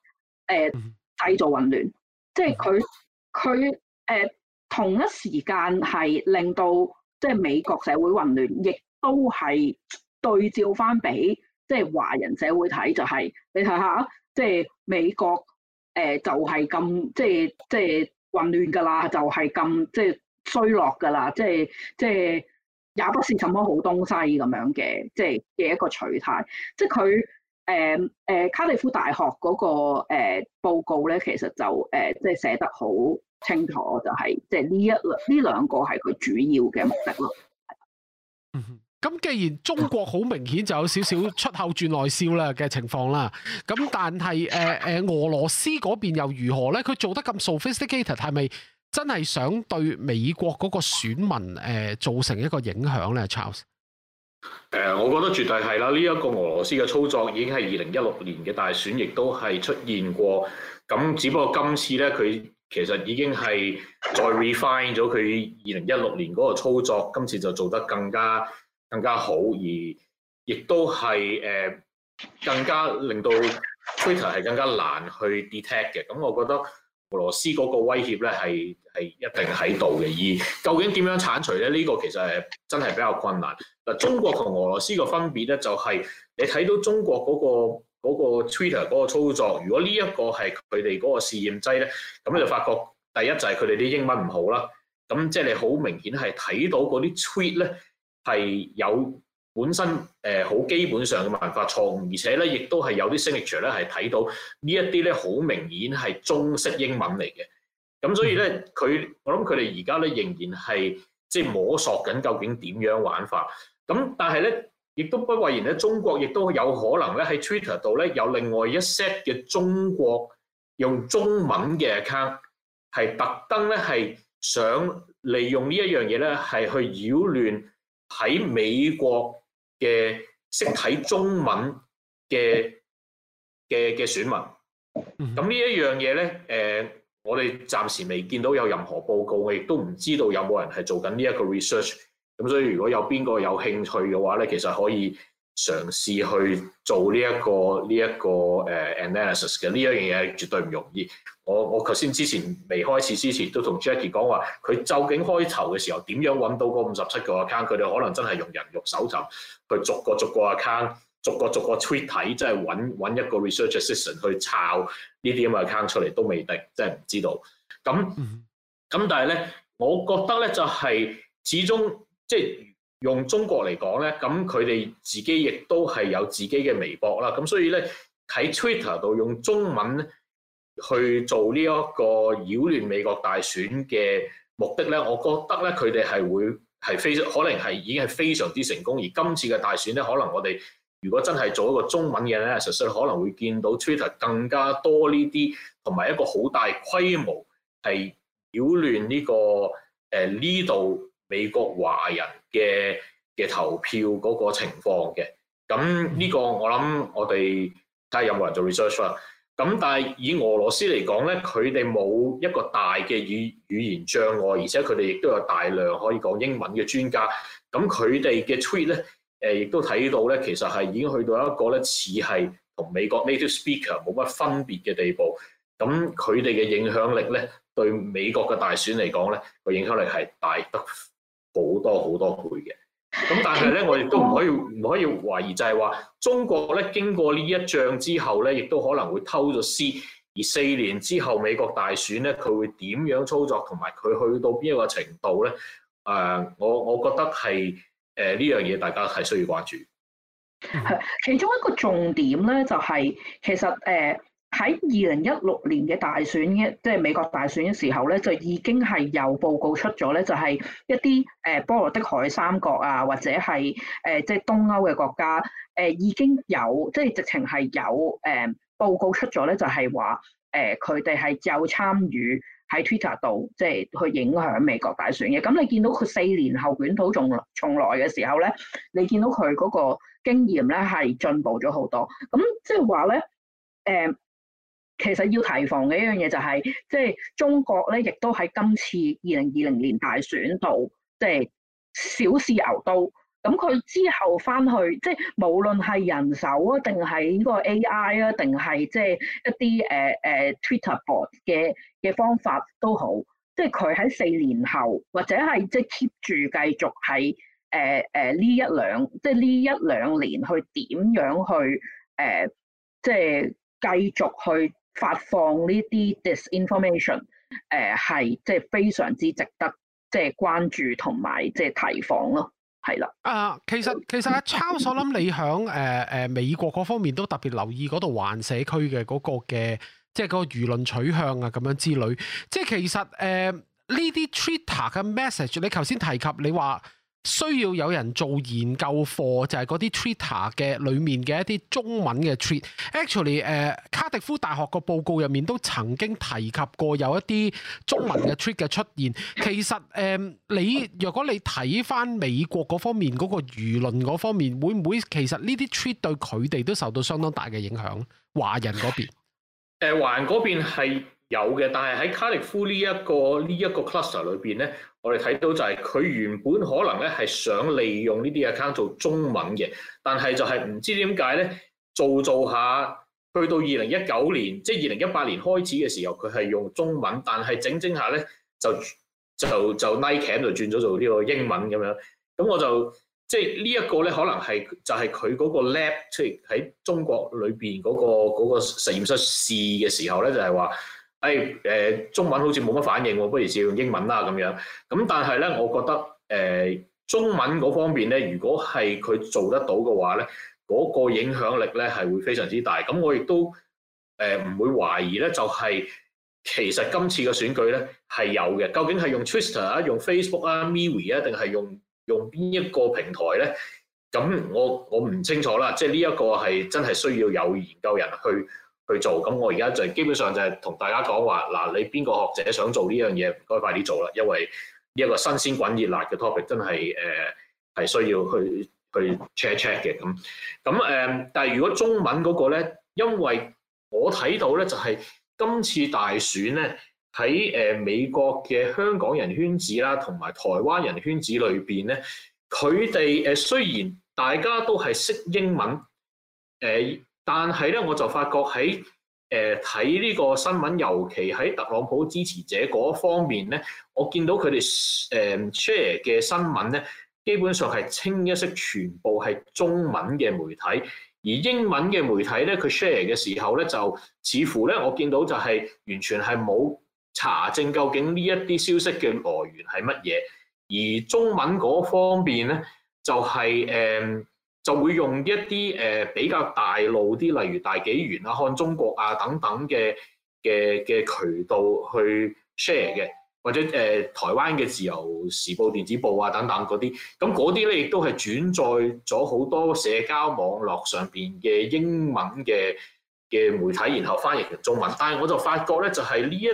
呃、製造混亂。即係佢佢誒同一時間係令到即係美國社會混亂，亦都係對照返畀即係華人社會睇就係、是、你睇下，即係美國誒、呃、就係、是、咁即係即係混亂㗎啦，就係、是、咁即係。衰落噶啦，即係即係，也不是什麼好東西咁樣嘅，即係嘅一個取態。即係佢誒誒，卡利夫大學嗰、那個誒、呃、報告咧，其實就誒即係寫得好清楚、就是，就係即係呢一呢兩個係佢主要嘅目的咯。嗯，咁既然中國好明顯就有少少出口轉內銷啦嘅情況啦，咁但係誒誒，俄羅斯嗰邊又如何咧？佢做得咁 sophisticated，係咪？真係想對美國嗰個選民誒、呃、造成一個影響咧，Charles。誒、呃，我覺得絕對係啦。呢、這、一個俄羅斯嘅操作已經係二零一六年嘅大選，亦都係出現過。咁只不過今次咧，佢其實已經係再 refine 咗佢二零一六年嗰個操作，今次就做得更加更加好，而亦都係誒、呃、更加令到 Twitter 係更加難去 detect 嘅。咁我覺得。俄羅斯嗰個威脅咧係係一定喺度嘅，而究竟點樣鏟除咧？呢個其實係真係比較困難。嗱，中國同俄羅斯嘅分別咧就係你睇到中國嗰個、嗰個 Twitter 嗰個操作，如果呢一個係佢哋嗰個試驗劑咧，咁你就發覺第一就係佢哋啲英文唔好啦。咁即係你好明顯係睇到嗰啲 tweet 咧係有。本身，誒，好基本上嘅辦法錯誤，而且咧亦都係有啲 signature 咧係睇到呢一啲咧好明顯係中式英文嚟嘅。咁所以咧，佢我諗佢哋而家咧仍然係即係摸索緊究竟點樣玩法，咁但係咧亦都不諱言咧，中國亦都有可能咧喺 Twitter 度咧有另外一 set 嘅中國用中文嘅 account 係特登咧係想利用呢一樣嘢咧係去擾亂喺美國。嘅識睇中文嘅嘅嘅選民，咁呢一樣嘢咧，誒，我哋暫時未見到有任何報告，我亦都唔知道有冇人係做緊呢一個 research，咁所以如果有邊個有興趣嘅話咧，其實可以。嘗試去做呢一個呢一個誒 analysis 嘅呢一樣嘢絕對唔容易。我我頭先之前未開始之前都同 Jackie 講話，佢究竟開頭嘅時候點樣揾到嗰五十七個 account？佢哋可能真係用人肉搜尋，去逐個逐個 account，逐個逐個 tweet 睇，即係揾揾一個 research assistant 去抄呢啲咁嘅 account 出嚟，都未定，即係唔知道。咁咁，但係咧，我覺得咧就係始終即係。用中國嚟講咧，咁佢哋自己亦都係有自己嘅微博啦。咁所以咧喺 Twitter 度用中文去做呢一個擾亂美國大選嘅目的咧，我覺得咧佢哋係會係非可能係已經係非常之成功。而今次嘅大選咧，可能我哋如果真係做一個中文嘅咧，實質可能會見到 Twitter 更加多呢啲同埋一個好大規模係擾亂呢個誒呢度美國華人。嘅嘅投票嗰個情況嘅，咁呢個我諗我哋睇下有冇人做 research 啦。咁但係以俄羅斯嚟講咧，佢哋冇一個大嘅語語言障礙，而且佢哋亦都有大量可以講英文嘅專家。咁佢哋嘅 tweet 咧，誒亦都睇到咧，其實係已經去到一個咧似係同美國 native speaker 冇乜分別嘅地步。咁佢哋嘅影響力咧，對美國嘅大選嚟講咧，個影響力係大得好多好多倍嘅，咁、嗯、但係咧，我亦都唔可以唔可以懷疑就，就係話中國咧經過呢一仗之後咧，亦都可能會偷咗師。而四年之後美國大選咧，佢會點樣操作，同埋佢去到邊一個程度咧？誒、呃，我我覺得係誒呢樣嘢，大家係需要關注。其中一個重點咧，就係、是、其實誒。呃喺二零一六年嘅大選嘅，即係美國大選嘅時候咧，就已經係有報告出咗咧，就係、是、一啲誒、呃、波羅的海三國啊，或者係誒、呃、即係東歐嘅國家誒、呃，已經有即係直情係有誒、呃、報告出咗咧，就係話誒佢哋係有參與喺 Twitter 度，即係去影響美國大選嘅。咁你見到佢四年後捲土重重來嘅時候咧，你見到佢嗰個經驗咧係進步咗好多。咁即係話咧誒。呃其實要提防嘅一樣嘢就係，即係中國咧，亦都喺今次二零二零年大選度，即係小試牛刀。咁佢之後翻去，即係無論係人手啊，定係呢個 AI 啊，定係即係一啲誒誒 Twitterbot 嘅嘅方法都好。即係佢喺四年後，或者係即係 keep 住繼續喺誒誒呢一兩，即係呢一兩年去點樣去誒，即係繼續去。發放呢啲 disinformation，誒、呃、係即係非常之值得即係關注同埋即係提防咯，係啦。啊，其實其實阿 Charles，我諗你響誒誒美國嗰方面都特別留意嗰度環社區嘅嗰個嘅即係嗰個輿論取向啊咁樣之類，即係其實誒呢、呃、啲 Twitter 嘅 message，你頭先提及你話。需要有人做研究課，就係嗰啲 Twitter 嘅裏面嘅一啲中文嘅 tweet。Actually，誒，卡迪夫大學個報告入面都曾經提及過有一啲中文嘅 tweet 嘅出現。其實誒，你若果你睇翻美國嗰方面嗰個輿論嗰方面，會唔會其實呢啲 tweet 對佢哋都受到相當大嘅影響？華人嗰邊，誒，華人嗰邊係有嘅，但係喺卡迪夫呢一個呢一個 cluster 裏邊咧。我哋睇到就係佢原本可能咧係想利用呢啲 account 做中文嘅，但係就係唔知點解咧做做下去到二零一九年，即係二零一八年開始嘅時候，佢係用中文，但係整整下咧就就就 Nike 就轉咗做呢個英文咁樣。咁我就即係、就是、呢一個咧，可能係就係佢嗰個 lab 即係喺中國裏邊嗰個嗰、嗰個實驗室試嘅時候咧，就係、是、話。誒誒、哎，中文好似冇乜反應喎，不如試用英文啦咁樣。咁但係咧，我覺得誒、呃、中文嗰方面咧，如果係佢做得到嘅話咧，嗰、那個影響力咧係會非常之大。咁我亦都誒唔、呃、會懷疑咧，就係、是、其實今次嘅選舉咧係有嘅。究竟係用 Twitter 啊、用 Facebook 啊、Miri 啊，定係用用邊一個平台咧？咁我我唔清楚啦。即係呢一個係真係需要有研究人去。去做咁，我而家就基本上就係同大家講話，嗱，你邊個學者想做呢樣嘢，唔該快啲做啦，因為呢一個新鮮滾熱辣嘅 topic 真係誒係需要去去 check check 嘅咁。咁誒，但係如果中文嗰個咧，因為我睇到咧就係今次大選咧喺誒美國嘅香港人圈子啦，同埋台灣人圈子裏邊咧，佢哋誒雖然大家都係識英文誒。呃但係咧，我就發覺喺誒睇呢個新聞，尤其喺特朗普支持者嗰方面咧，我見到佢哋誒 share 嘅新聞咧，基本上係清一色全部係中文嘅媒體，而英文嘅媒體咧，佢 share 嘅時候咧，就似乎咧，我見到就係完全係冇查證究竟呢一啲消息嘅來源係乜嘢，而中文嗰方面咧，就係、是、誒。呃就會用一啲誒比較大路啲，例如大紀元啊、看中國啊等等嘅嘅嘅渠道去 share 嘅，或者誒、呃、台灣嘅自由時報電子報啊等等嗰啲，咁嗰啲咧亦都係轉載咗好多社交網絡上邊嘅英文嘅嘅媒體，然後翻譯成中文。但係我就發覺咧，就係、是、呢一誒、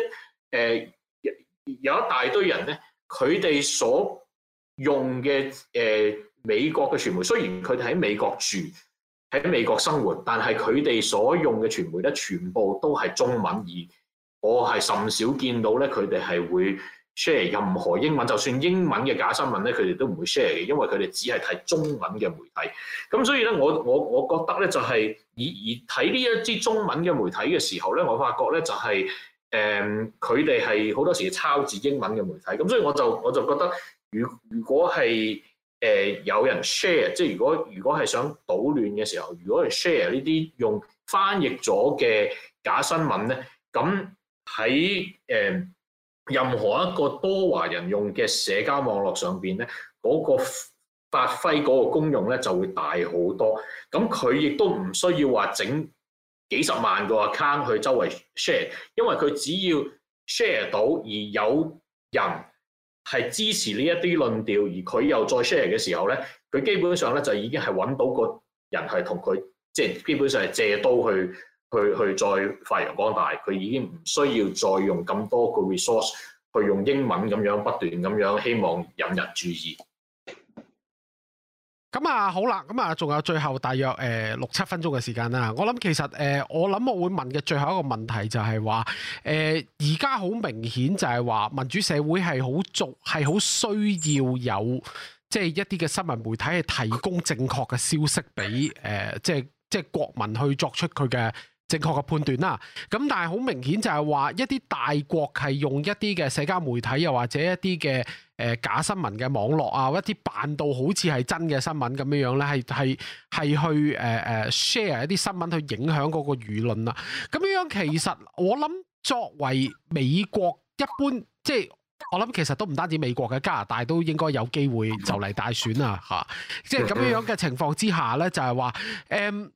呃、有一大堆人咧，佢哋所用嘅誒。呃美國嘅傳媒雖然佢哋喺美國住喺美國生活，但係佢哋所用嘅傳媒咧，全部都係中文，而我係甚少見到咧，佢哋係會 share 任何英文，就算英文嘅假新聞咧，佢哋都唔會 share 嘅，因為佢哋只係睇中文嘅媒體。咁所以咧，我我我覺得咧，就係以而睇呢一啲中文嘅媒體嘅時候咧，我發覺咧就係誒佢哋係好多時抄自英文嘅媒體。咁所以我就我就覺得，如如果係，誒有人 share，即係如果如果係想搗亂嘅時候，如果係 share 呢啲用翻譯咗嘅假新聞呢，咁喺誒任何一個多華人用嘅社交網絡上邊呢，嗰個發揮嗰個功用呢就會大好多。咁佢亦都唔需要話整幾十萬個 account 去周圍 share，因為佢只要 share 到而有人。係支持呢一啲論調，而佢又再 share 嘅時候咧，佢基本上咧就已經係揾到個人係同佢，即係基本上係借刀去，去去再發揚光大。佢已經唔需要再用咁多個 resource 去用英文咁樣不斷咁樣希望引人注意。咁啊，好啦，咁啊，仲有最後大約誒、呃、六七分鐘嘅時間啦。我諗其實誒、呃，我諗我會問嘅最後一個問題就係話，誒而家好明顯就係話民主社會係好足，係好需要有即係、就是、一啲嘅新聞媒體係提供正確嘅消息俾誒、呃，即係即係國民去作出佢嘅。正確嘅判斷啦，咁但係好明顯就係話一啲大國係用一啲嘅社交媒體，又或者一啲嘅誒假新聞嘅網絡啊，一啲扮到好似係真嘅新聞咁樣樣咧，係係係去誒誒、uh, uh, share 一啲新聞去影響嗰個輿論啊。咁樣其實我諗作為美國一般，即係我諗其實都唔單止美國嘅加拿大都應該有機會就嚟大選啊，嚇！即係咁樣嘅情況之下咧，就係話誒。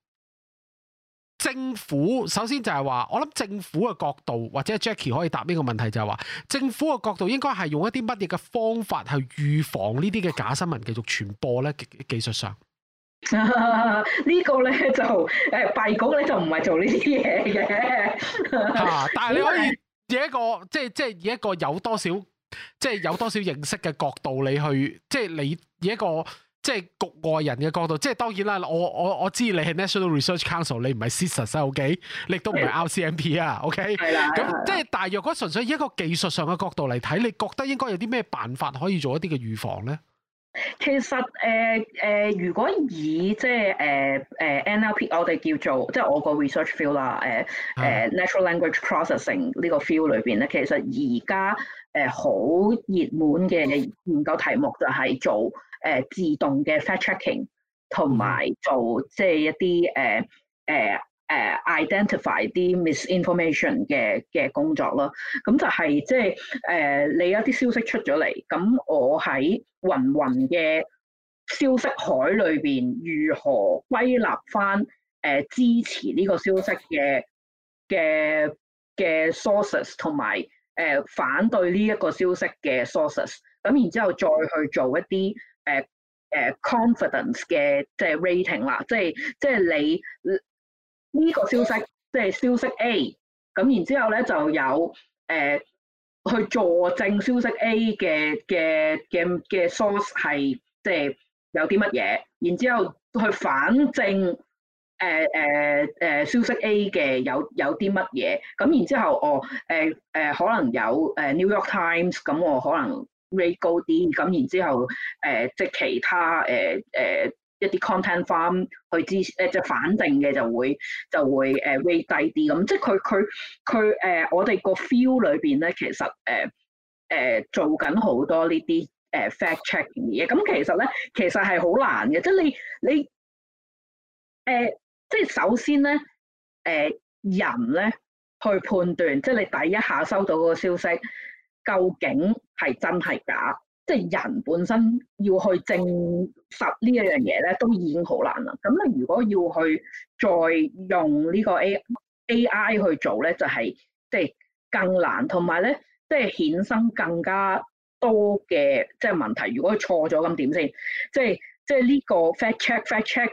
政府首先就係話，我諗政府嘅角度或者 Jackie 可以答呢個問題就，就係話政府嘅角度應該係用一啲乜嘢嘅方法去預防呢啲嘅假新聞繼續傳播咧？技術上，啊這個、呢個咧就誒，弊局咧就唔係做呢啲嘢嘅嚇。 但係你可以以一個即係即係以一個有多少即係有多少認識嘅角度，你去即係你以一個。即係局外人嘅角度，即係當然啦。我我我知你係 National Research Council，你唔係 Sister 生屋企，你亦都唔係 RCMP 啊。OK，咁即係大約，如果純粹以一個技術上嘅角度嚟睇，你覺得應該有啲咩辦法可以做一啲嘅預防咧？其實誒誒、呃呃，如果以即係、呃、誒誒、呃、NLP，我哋叫做即係我個 research field 啦、呃。誒誒的、呃、Natural Language Processing 呢個 field 裏邊咧，其實而家誒好熱門嘅研究題目就係做。誒自動嘅 fact checking 同埋做即係一啲誒誒誒 identify 啲 misinformation 嘅嘅工作咯，咁就係即係誒你一啲消息出咗嚟，咁我喺芸芸嘅消息海裏邊如何歸納翻誒、uh, 支持呢個消息嘅嘅嘅 sources 同埋誒反對呢一個消息嘅 sources，咁然之後再去做一啲。誒誒、uh,，confidence 嘅即係 rating 啦，即係即係你呢、這個消息，即、就、係、是、消息 A，咁然之後咧就有誒、呃、去佐證消息 A 嘅嘅嘅嘅 source 係即係有啲乜嘢，然之後去反證誒誒誒消息 A 嘅有有啲乜嘢，咁然之後我誒誒可能有誒、呃、New York Times，咁、嗯、我可能。rate 高啲，咁然之後，誒、呃，即係其他，誒，誒，一啲 content farm 翻去支，誒，即係反正嘅就會，就會，誒，rate 低啲，咁，即係佢佢佢，誒、呃，我哋個 feel 裏邊咧，其實，誒、呃，誒、呃，做緊好多呢啲，誒、呃，fact check 嘅嘢，咁其實咧，其實係好難嘅，即係你你，誒、呃，即係首先咧，誒、呃，人咧去判斷，即係你第一下收到嗰個消息。究竟係真係假？即係人本身要去證實呢一樣嘢咧，都已經好難啦。咁你如果要去再用呢個 A A I 去做咧，就係即係更難，同埋咧即係衍生更加多嘅即係問題。如果錯咗咁點先？即係即係呢個 fact check fact check，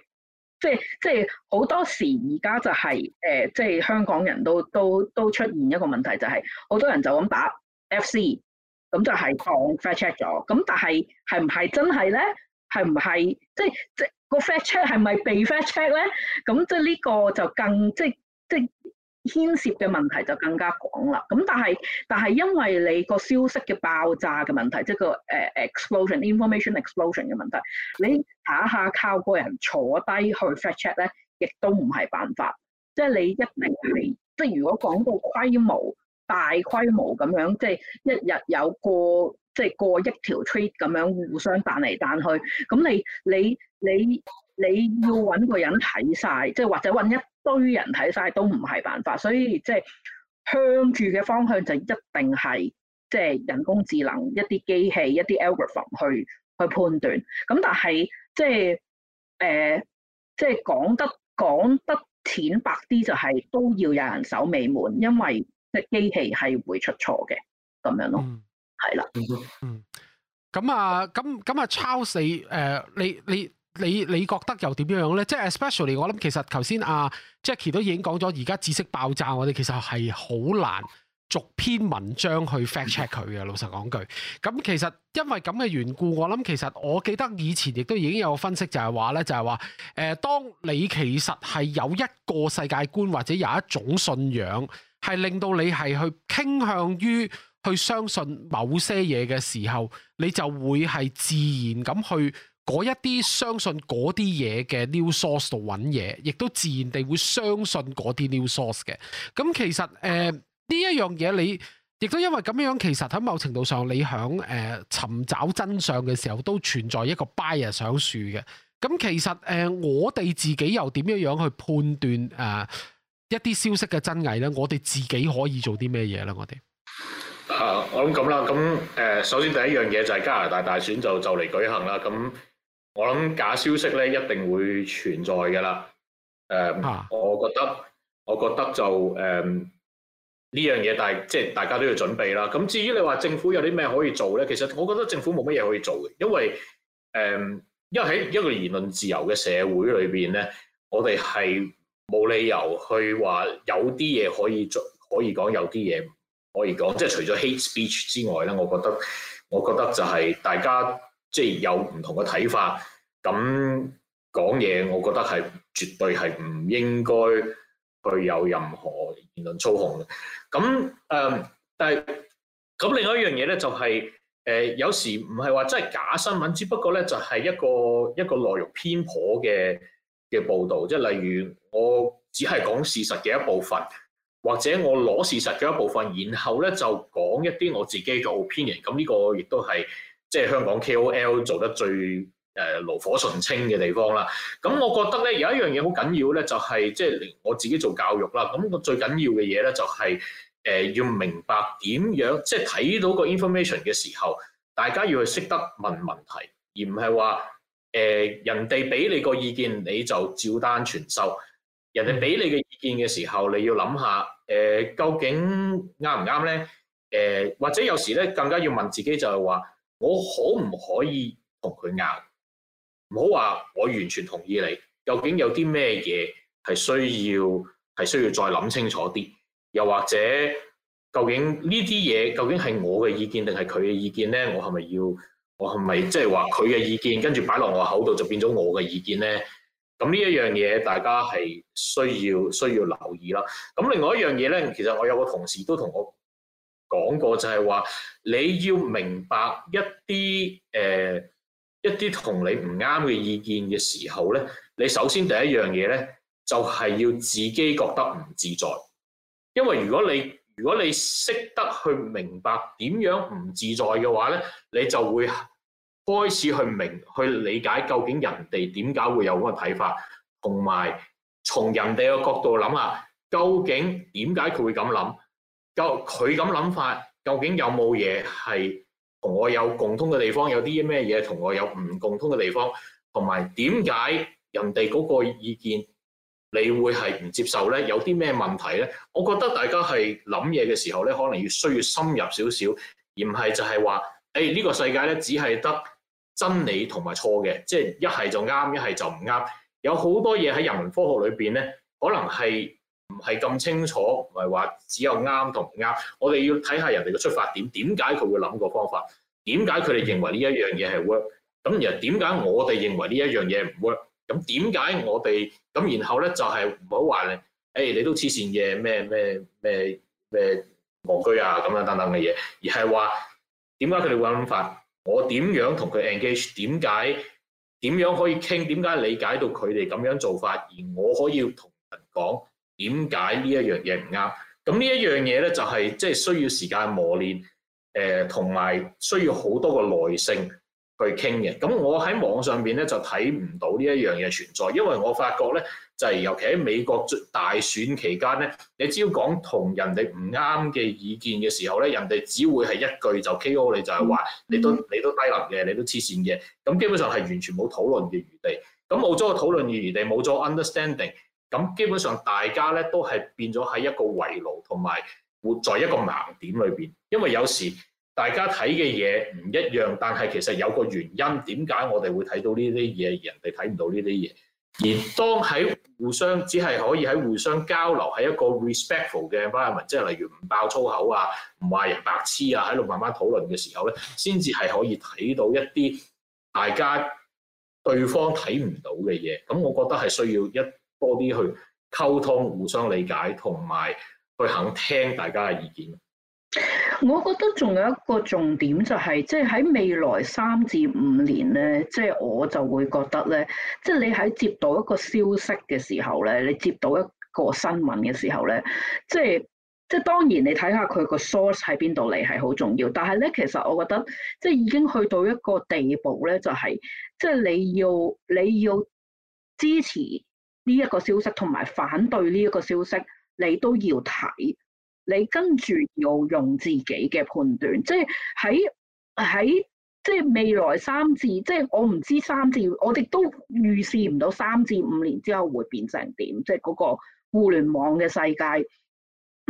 即係即係好多時而家就係、是、誒、呃，即係香港人都都都出現一個問題，就係、是、好多人就咁打。F.C. 咁就係放 fact check 咗，咁但係係唔係真係咧？係唔係即即個 fact check 係咪被 fact check 咧？咁、嗯、即呢、這個就更即即牽涉嘅問題就更加廣啦。咁但係但係因為你個消息嘅爆炸嘅問題，即、個誒、uh, explosion information explosion 嘅問題，你查下下靠個人坐低去 fact check 咧，亦都唔係辦法。即你一定係即如果講到規模。大規模咁樣，即係一日有過即係過億條 trade 咁樣互相彈嚟彈去，咁你你你你要揾個人睇晒，即係或者揾一堆人睇晒都唔係辦法，所以即係向住嘅方向就一定係即係人工智能一啲機器一啲 algorithm 去去判斷。咁但係即係誒，即係講、呃、得講得淺白啲就係、是、都要有人守尾門，因為即機器係會出錯嘅，咁樣咯，係啦，嗯，咁啊的，咁咁啊，Charles，誒、呃，你你你你覺得又點樣樣咧？即係 especially，我諗其實頭先阿、啊、Jackie 都已經講咗，而家知識爆炸，我哋其實係好難逐篇文章去 fact check 佢嘅。嗯、老實講句，咁其實因為咁嘅緣故，我諗其實我記得以前亦都已經有分析就，就係話咧，就係話，誒，當你其實係有一個世界觀或者有一種信仰。係令到你係去傾向於去相信某些嘢嘅時候，你就會係自然咁去嗰一啲相信嗰啲嘢嘅 new source 度搵嘢，亦都自然地會相信嗰啲 new source 嘅。咁其實誒呢、呃、一樣嘢，你亦都因為咁樣，其實喺某程度上你，你響誒尋找真相嘅時候，都存在一個 bias 上樹嘅。咁其實誒、呃、我哋自己又點樣樣去判斷誒？呃一啲消息嘅真偽咧，我哋自己可以做啲咩嘢咧？我哋啊，我諗咁啦，咁誒、呃，首先第一樣嘢就係加拿大大選就就嚟舉行啦。咁我諗假消息咧一定會存在噶啦。誒、呃，啊、我覺得，我覺得就誒呢樣嘢，但、呃、大即係大家都要準備啦。咁至於你話政府有啲咩可以做咧，其實我覺得政府冇乜嘢可以做嘅，因為誒、呃，因為喺一個言論自由嘅社會裏邊咧，我哋係。冇理由去話有啲嘢可以做，可以講有啲嘢唔可以講，即係除咗 hate speech 之外咧，我覺得，我覺得就係大家即係有唔同嘅睇法，咁講嘢，我覺得係絕對係唔應該去有任何言論操控嘅。咁誒、嗯，但係咁另外一樣嘢咧，就係誒有時唔係話真係假新聞，只不過咧就係一個一個內容偏頗嘅。嘅報導，即係例如我只係講事實嘅一部分，或者我攞事實嘅一部分，然後咧就講一啲我自己嘅 opinion。咁呢個亦都係即係香港 KOL 做得最誒爐火純青嘅地方啦。咁、嗯、我覺得咧有一樣嘢好緊要咧，就係即係連我自己做教育啦。咁、嗯、最緊要嘅嘢咧就係、是、誒、呃、要明白點樣，即係睇到個 information 嘅時候，大家要去識得問問題，而唔係話。誒，人哋俾你個意見，你就照單全收。人哋俾你嘅意見嘅時候，你要諗下，誒、呃，究竟啱唔啱咧？誒、呃，或者有時咧，更加要問自己就係話，我可唔可以同佢拗？唔好話我完全同意你。究竟有啲咩嘢係需要係需要再諗清楚啲？又或者究竟呢啲嘢究竟係我嘅意見定係佢嘅意見咧？我係咪要？我係咪即係話佢嘅意見跟住擺落我口度就變咗我嘅意見呢？咁呢一樣嘢大家係需要需要留意啦。咁另外一樣嘢呢，其實我有個同事都同我講過就，就係話你要明白一啲誒、呃、一啲同你唔啱嘅意見嘅時候呢，你首先第一樣嘢呢，就係、是、要自己覺得唔自在，因為如果你如果你識得去明白點樣唔自在嘅話咧，你就會開始去明去理解究竟人哋點解會有嗰個睇法，同埋從人哋嘅角度諗下，究竟點解佢會咁諗？究佢咁諗法，究竟有冇嘢係同我有共通嘅地方？有啲咩嘢同我有唔共通嘅地方？同埋點解人哋嗰個意見，你會係唔接受咧？有啲咩問題咧？我覺得大家係諗嘢嘅時候咧，可能要需要深入少少，而唔係就係話，誒，呢個世界咧，只係得真理同埋錯嘅，即係一係就啱，一係就唔啱。有好多嘢喺人文科學裏邊咧，可能係唔係咁清楚，唔係話只有啱同唔啱。我哋要睇下人哋嘅出發點，點解佢會諗個方法？點解佢哋認為呢一樣嘢係 work？咁而點解我哋認為呢一樣嘢唔 work？咁點解我哋咁？然後咧就係唔好話咧，誒、欸、你都黐線嘅咩咩咩咩戇居啊咁樣等等嘅嘢，而係話點解佢哋會諗法？我點樣同佢 engage？點解點樣可以傾？點解理解到佢哋咁樣做法，而我可以同人講點解呢一樣嘢唔啱？咁呢一樣嘢咧就係即係需要時間磨練，誒同埋需要好多個耐性。去傾嘅，咁我喺網上邊咧就睇唔到呢一樣嘢存在，因為我發覺咧就係尤其喺美國大選期間咧，你只要講同人哋唔啱嘅意見嘅時候咧，人哋只會係一句就 K.O. 你就係話你都你都低能嘅，你都黐線嘅，咁基本上係完全冇討論嘅餘地。咁冇咗個討論嘅餘地，冇咗 understanding，咁基本上大家咧都係變咗喺一個圍爐同埋活在一個盲點裏邊，因為有時。大家睇嘅嘢唔一樣，但係其實有個原因，點解我哋會睇到呢啲嘢，而人哋睇唔到呢啲嘢？而當喺互相只係可以喺互相交流，喺一個 respectful 嘅 environment，即係例如唔爆粗口啊，唔話人白痴啊，喺度慢慢討論嘅時候咧，先至係可以睇到一啲大家對方睇唔到嘅嘢。咁我覺得係需要一多啲去溝通、互相理解同埋去肯聽大家嘅意見。我覺得仲有一個重點，就係即係喺未來三至五年咧，即係我就會覺得咧，即係你喺接到一個消息嘅時候咧，你接到一個新聞嘅時候咧，即係即係當然你睇下佢個 source 喺邊度嚟係好重要，但係咧其實我覺得即係已經去到一個地步咧，就係即係你要你要支持呢一個消息同埋反對呢一個消息，你都要睇。你跟住要用自己嘅判斷，即係喺喺即係未來三至，即係我唔知三至，我哋都預示唔到三至五年之後會變成點，即係嗰個互聯網嘅世界。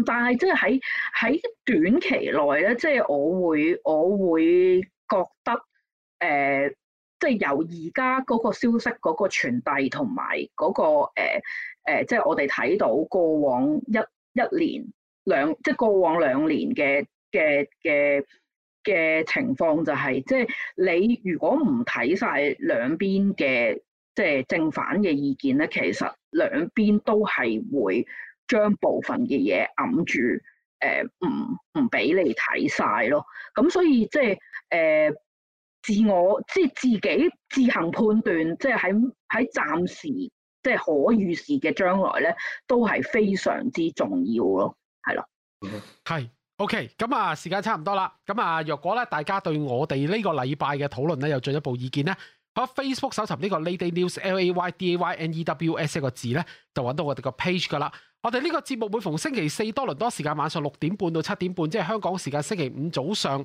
但係即係喺喺短期內咧，即係我會我會覺得，誒、呃、即係由而家嗰個消息嗰、嗰個傳遞同埋嗰個誒誒、呃呃，即係我哋睇到過往一一年。兩即係過往兩年嘅嘅嘅嘅情況就係、是，即係你如果唔睇晒兩邊嘅即係正反嘅意見咧，其實兩邊都係會將部分嘅嘢揞住，誒唔唔俾你睇晒咯。咁所以即係誒、呃、自我即係自己自行判斷，即係喺喺暫時即係可預視嘅將來咧，都係非常之重要咯。係咯，係，OK，咁、嗯、啊，時間差唔多啦，咁、嗯、啊，若、嗯、果咧，大家對我哋呢個禮拜嘅討論咧，有進一步意見咧，可以 Facebook 搜尋呢個 Lady News L A Y D A Y N E W S 呢個字咧，就搵到我哋個 page 噶啦。我哋呢個節目每逢星期四多倫多時間晚上六點半到七點半，即係香港時間星期五早上。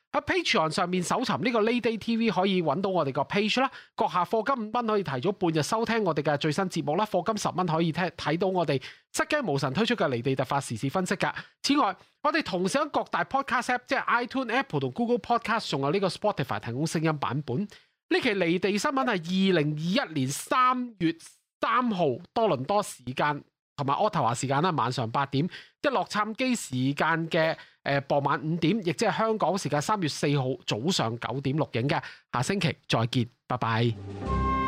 喺 Patreon 上面搜尋呢個 Lady TV 可以揾到我哋個 page 啦。閣下課金五蚊可以提早半日收聽我哋嘅最新節目啦。課金十蚊可以聽睇到我哋失驚無神推出嘅離地特發時事分析噶。此外，我哋同時喺各大 Podcast app，即係 iTune、Apple 同 Google Podcast，仲有呢個 Spotify 提供聲音版本。呢期離地新聞係二零二一年三月三號多倫多時間。同埋渥太華時間啦，晚上八點，即係洛杉磯時間嘅誒傍晚五點，亦即係香港時間三月四號早上九點錄影嘅，下星期再見，拜拜。